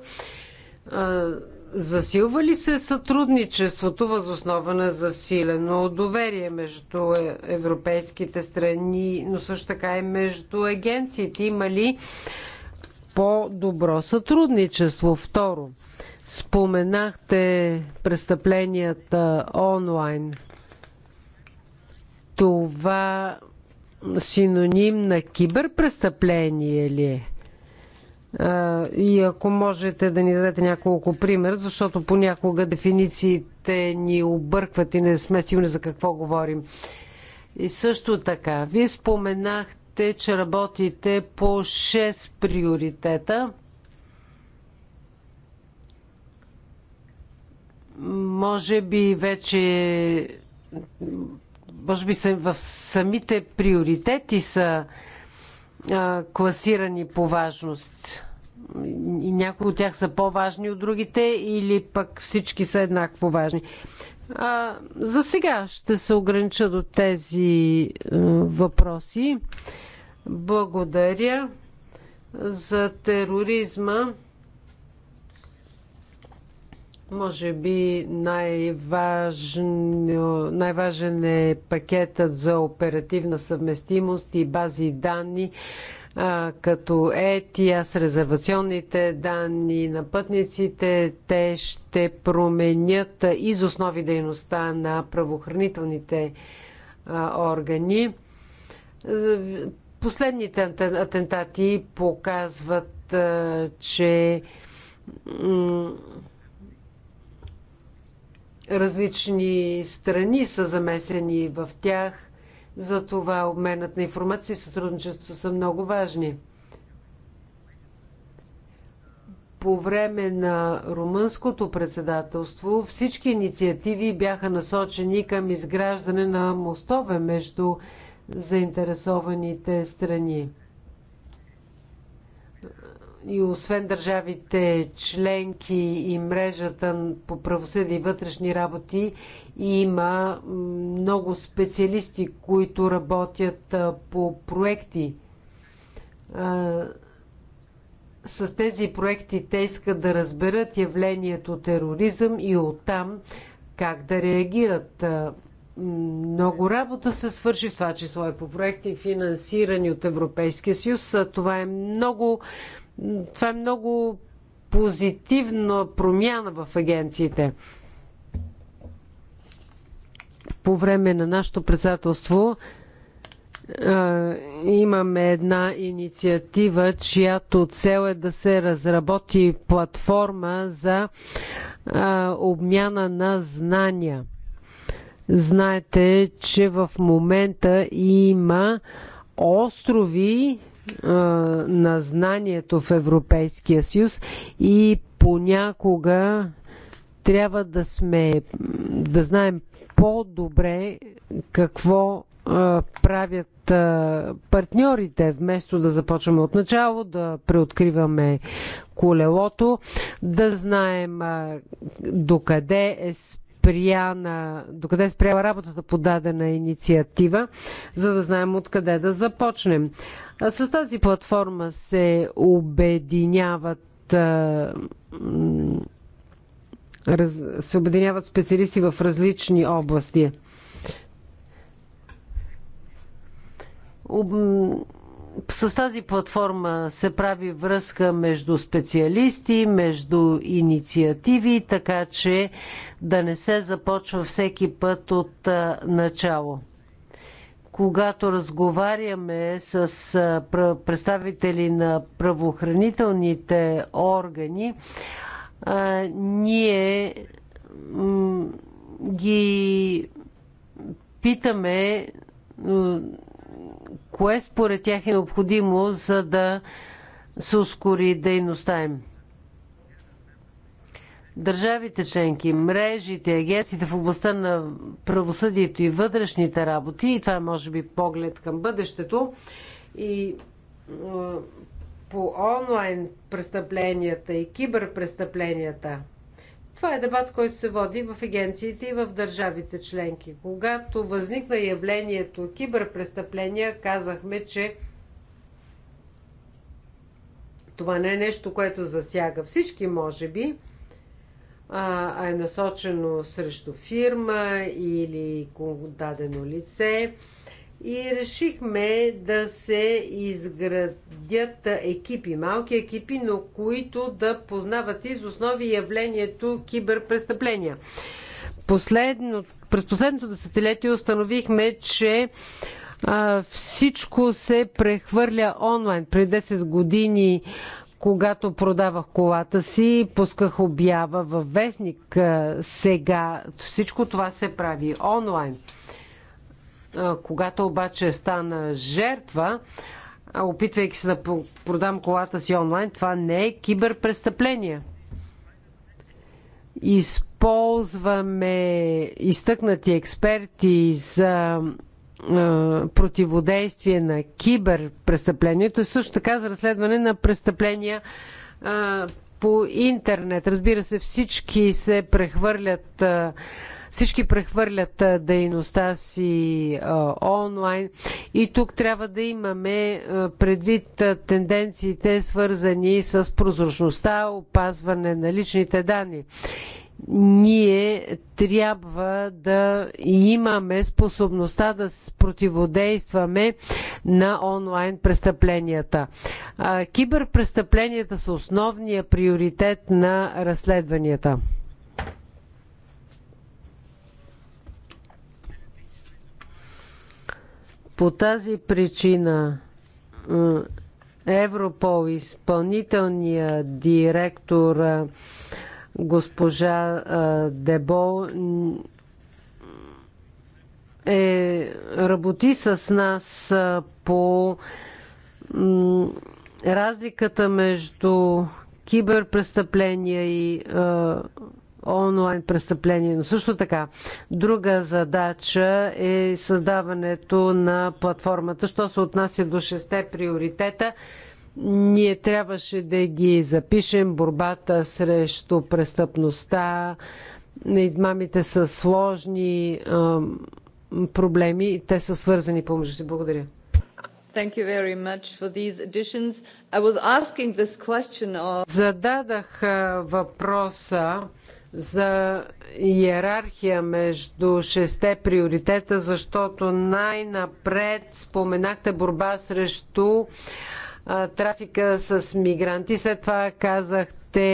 Засилва ли се сътрудничеството възоснова на засилено доверие между е, европейските страни, но също така и между агенциите? Има ли по-добро сътрудничество? Второ, споменахте престъпленията онлайн. Това синоним на киберпрестъпление ли е? И ако можете да ни дадете няколко пример, защото понякога дефинициите ни объркват и не сме сигурни за какво говорим. И също така, вие споменахте, че работите по 6 приоритета. Може би вече. Може би в самите приоритети са класирани по важност. И някои от тях са по-важни от другите или пък всички са еднакво важни. А, за сега ще се огранича до тези а, въпроси. Благодаря за тероризма. Може би най-важен, е пакетът за оперативна съвместимост и бази данни, като ETIAS, резервационните данни на пътниците. Те ще променят из основи дейността на правоохранителните органи. Последните атентати показват, че различни страни са замесени в тях, затова обменът на информация и сътрудничество са много важни. По време на румънското председателство всички инициативи бяха насочени към изграждане на мостове между заинтересованите страни и освен държавите членки и мрежата по правосъдие и вътрешни работи, има много специалисти, които работят по проекти. С тези проекти те искат да разберат явлението тероризъм и оттам как да реагират. Много работа се свърши, в това число е по проекти, финансирани от Европейския съюз. Това е много това е много позитивна промяна в агенциите. По време на нашето председателство имаме една инициатива, чиято цел е да се разработи платформа за обмяна на знания. Знаете, че в момента има острови, на знанието в Европейския съюз и понякога трябва да сме да знаем по-добре какво а, правят а, партньорите, вместо да започваме от начало, да преоткриваме колелото, да знаем а, докъде е спряна, докъде е спряла работата по дадена инициатива, за да знаем откъде да започнем. С тази платформа се обединяват се обединяват специалисти в различни области. С тази платформа се прави връзка между специалисти, между инициативи, така че да не се започва всеки път от начало когато разговаряме с представители на правоохранителните органи, ние ги питаме кое според тях е необходимо, за да се ускори дейността им държавите членки, мрежите, агенциите в областта на правосъдието и вътрешните работи, и това е може би поглед към бъдещето, и е, по онлайн престъпленията и киберпрестъпленията. Това е дебат, който се води в агенциите и в държавите членки. Когато възникна явлението киберпрестъпления, казахме, че това не е нещо, което засяга всички, може би, а е насочено срещу фирма или дадено лице. И решихме да се изградят екипи, малки екипи, но които да познават из основи явлението киберпрестъпления. Последно, през последното десетилетие установихме, че а, всичко се прехвърля онлайн. Преди 10 години когато продавах колата си, пусках обява във вестник. Сега всичко това се прави онлайн. Когато обаче стана жертва, опитвайки се да продам колата си онлайн, това не е киберпрестъпление. Използваме изтъкнати експерти за противодействие на киберпрестъплението, и също така за разследване на престъпления по интернет. Разбира се, всички се прехвърлят всички прехвърлят дейността си онлайн и тук трябва да имаме предвид тенденциите свързани с прозрачността, опазване на личните данни ние трябва да имаме способността да противодействаме на онлайн престъпленията. Киберпрестъпленията са основния приоритет на разследванията. По тази причина Европол, изпълнителният директор Госпожа Дебо е, работи с нас по разликата между киберпрестъпления и онлайн престъпление. Но също така, друга задача е създаването на платформата. Що се отнася до шесте приоритета, ние трябваше да ги запишем. Борбата срещу престъпността, измамите са сложни проблеми и те са свързани помежду си. Благодаря. Thank you very much for these additions. I was asking this question of... Зададах въпроса за иерархия между шесте приоритета, защото най-напред споменахте борба срещу трафика с мигранти. След това казахте,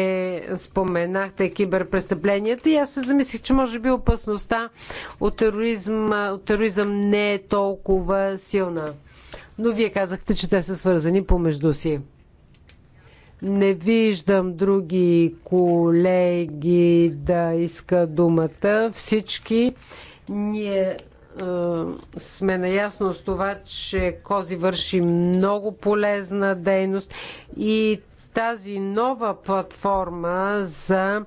споменахте киберпрестъпленията и аз се замислих, че може би опасността от тероризъм, от тероризъм не е толкова силна. Но вие казахте, че те са свързани помежду си. Не виждам други колеги да искат думата. Всички ние е, сме наясно с това, че Кози върши много полезна дейност и тази нова платформа за,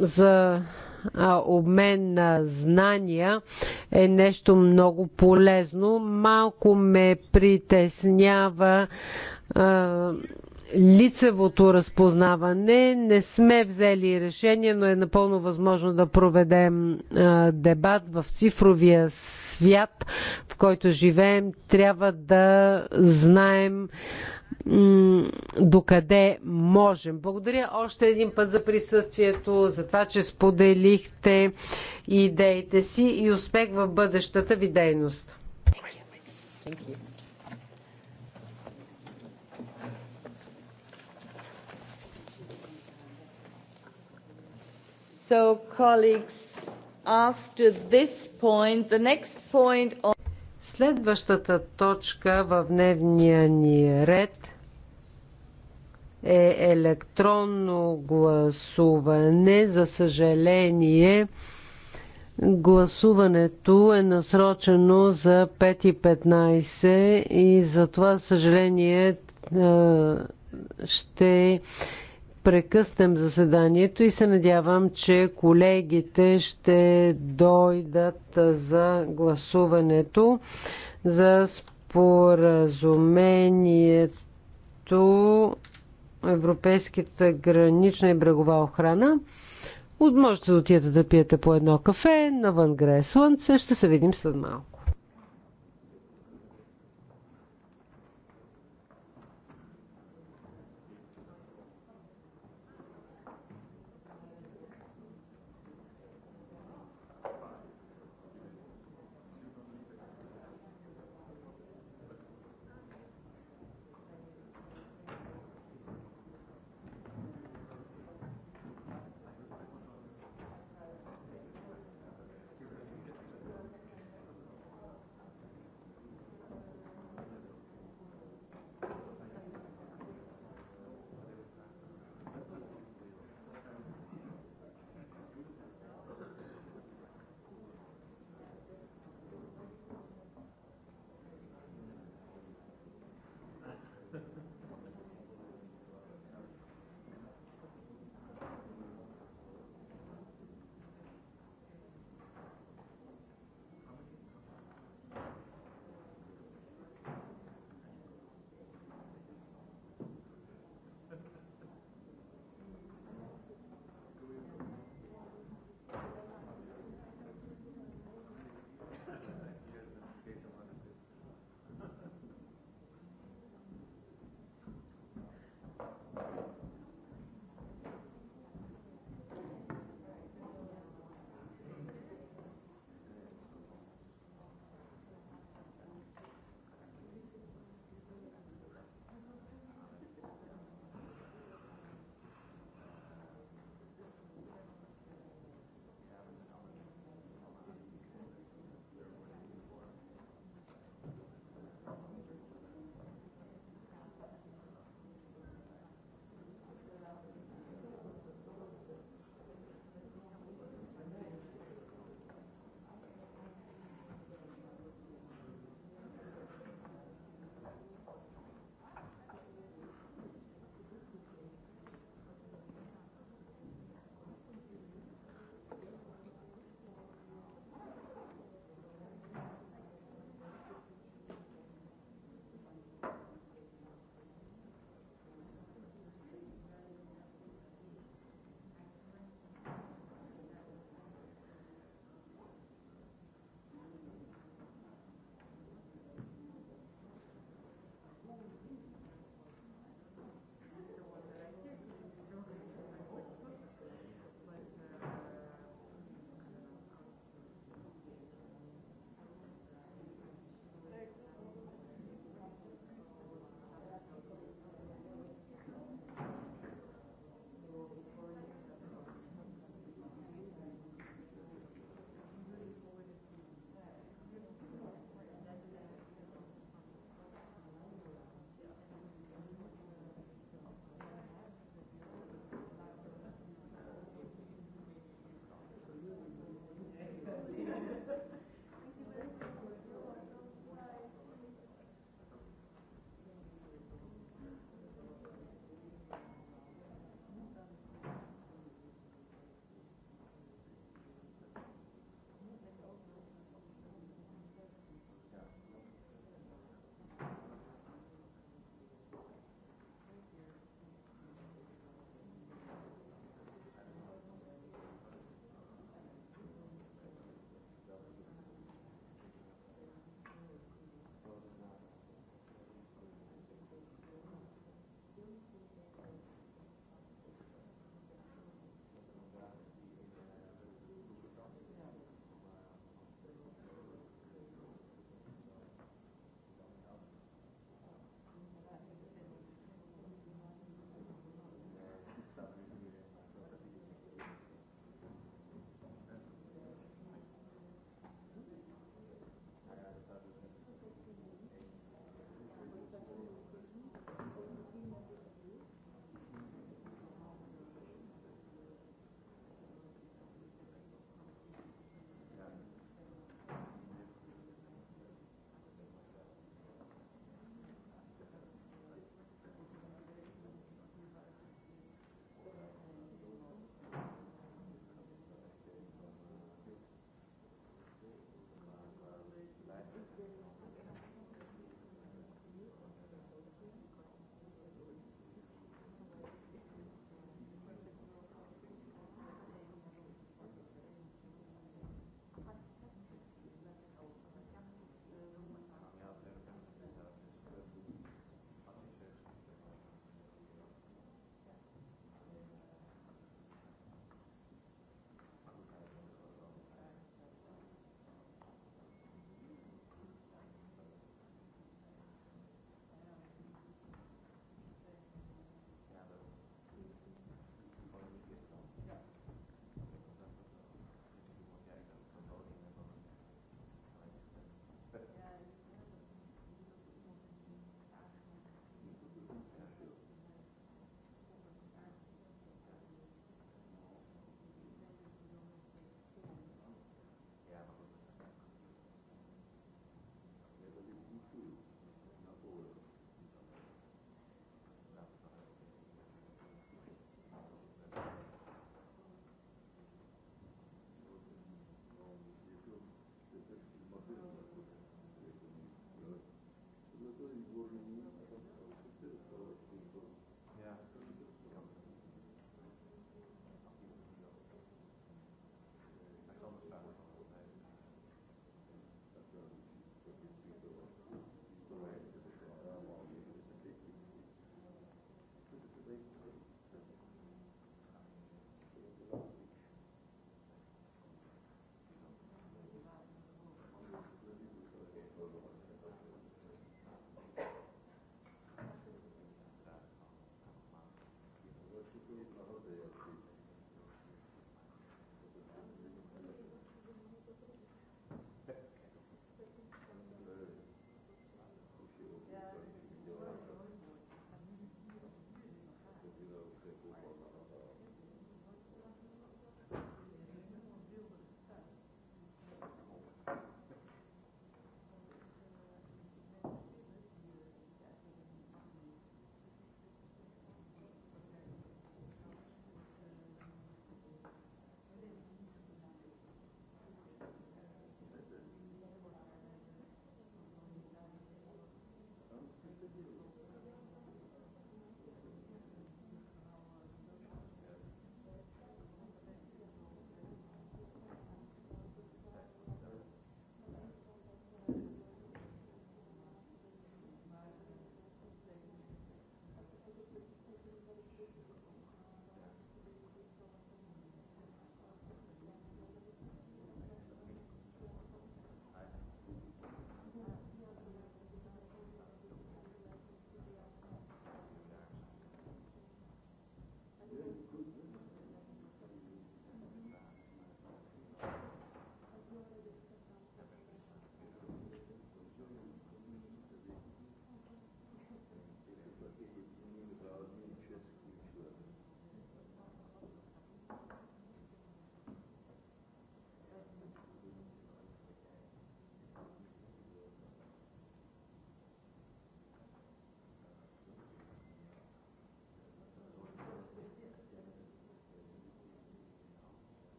за обмен на знания е нещо много полезно. Малко ме притеснява лицевото разпознаване. Не сме взели решение, но е напълно възможно да проведем дебат в цифровия свят, в който живеем. Трябва да знаем докъде можем. Благодаря още един път за присъствието, за това, че споделихте идеите си и успех в бъдещата ви дейност. Thank you. So, colleagues, after this point, the next point on... Следващата точка в дневния ни ред е електронно гласуване. За съжаление, гласуването е насрочено за 5.15 и за това съжаление ще прекъснем заседанието и се надявам, че колегите ще дойдат за гласуването за споразумението Европейската гранична и брегова охрана. От можете да отидете да пиете по едно кафе, навън грее слънце. Ще се видим след малко.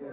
Yeah.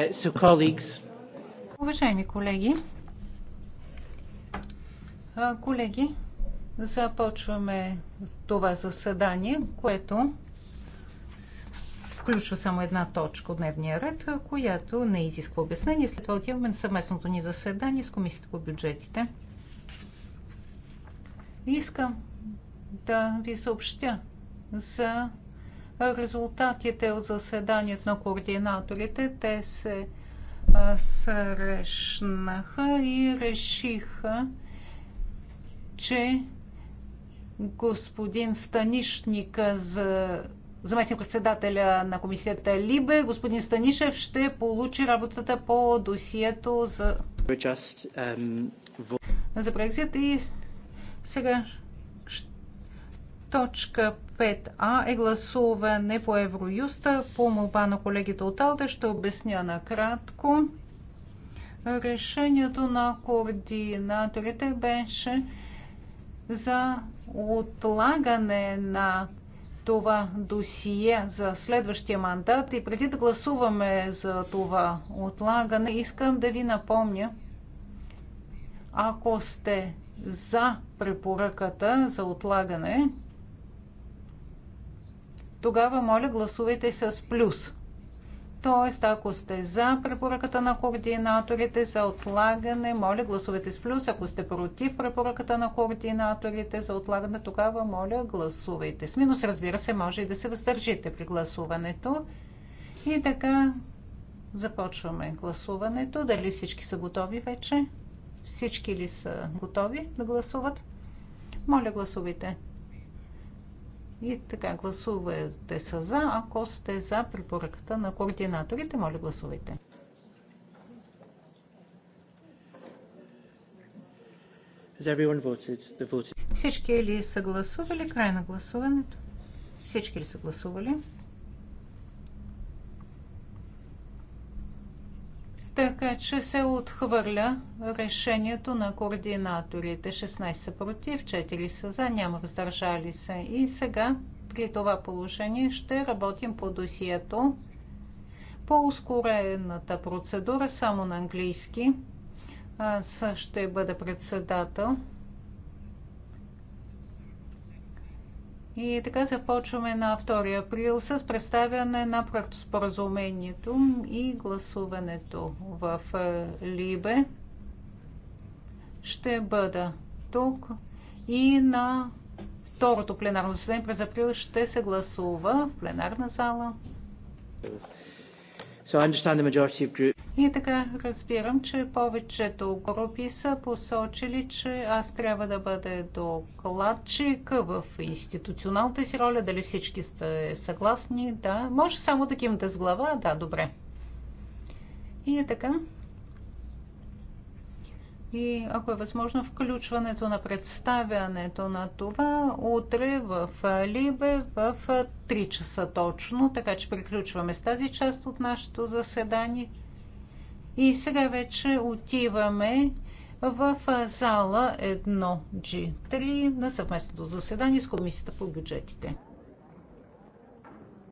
Uh, Уважаеми колеги, колеги, започваме това заседание, което включва само една точка от дневния ред, която не изисква обяснение. След това отиваме на съвместното ни заседание с Комисията по бюджетите. Искам да ви съобщя за резултатите от заседанието на координаторите. Те се срещнаха и решиха, че господин Станишник за заместник-председателя на комисията Либе, господин Станишев ще получи работата по досието за, um, за Брекзит и сега Точка 5А е гласуване по Евроюста. По молба на колегите от Алде ще обясня накратко. Решението на координаторите беше за отлагане на това досие за следващия мандат. И преди да гласуваме за това отлагане, искам да ви напомня, ако сте за препоръката за отлагане, тогава моля гласувайте с плюс. Тоест, ако сте за препоръката на координаторите за отлагане, моля гласувайте с плюс. Ако сте против препоръката на координаторите за отлагане, тогава моля гласувайте с минус. Разбира се, може и да се въздържите при гласуването. И така започваме гласуването. Дали всички са готови вече? Всички ли са готови да гласуват? Моля гласувайте. И така, гласувате са за. Ако сте за препоръката на координаторите, моля гласувайте. Всички ли са гласували? Край на гласуването. Всички ли са гласували? така че се отхвърля решението на координаторите. 16 са против, 4 са за, няма въздържали се. И сега при това положение ще работим по досието по ускорената процедура, само на английски. Аз ще бъда председател. И така започваме на 2 април с представяне на проектоспоразумението и гласуването в е, Либе. Ще бъда тук и на второто пленарно заседание през април ще се гласува в пленарна зала. So I understand the majority of group и така разбирам, че повечето групи са посочили, че аз трябва да бъде докладчик в институционалната си роля. Дали всички сте съгласни? Да. Може само да кимате с глава? Да, добре. И е така. И ако е възможно включването на представянето на това утре в Либе в 3 часа точно, така че приключваме с тази част от нашето заседание. И сега вече отиваме в зала 1G3 на съвместното заседание с Комисията по бюджетите.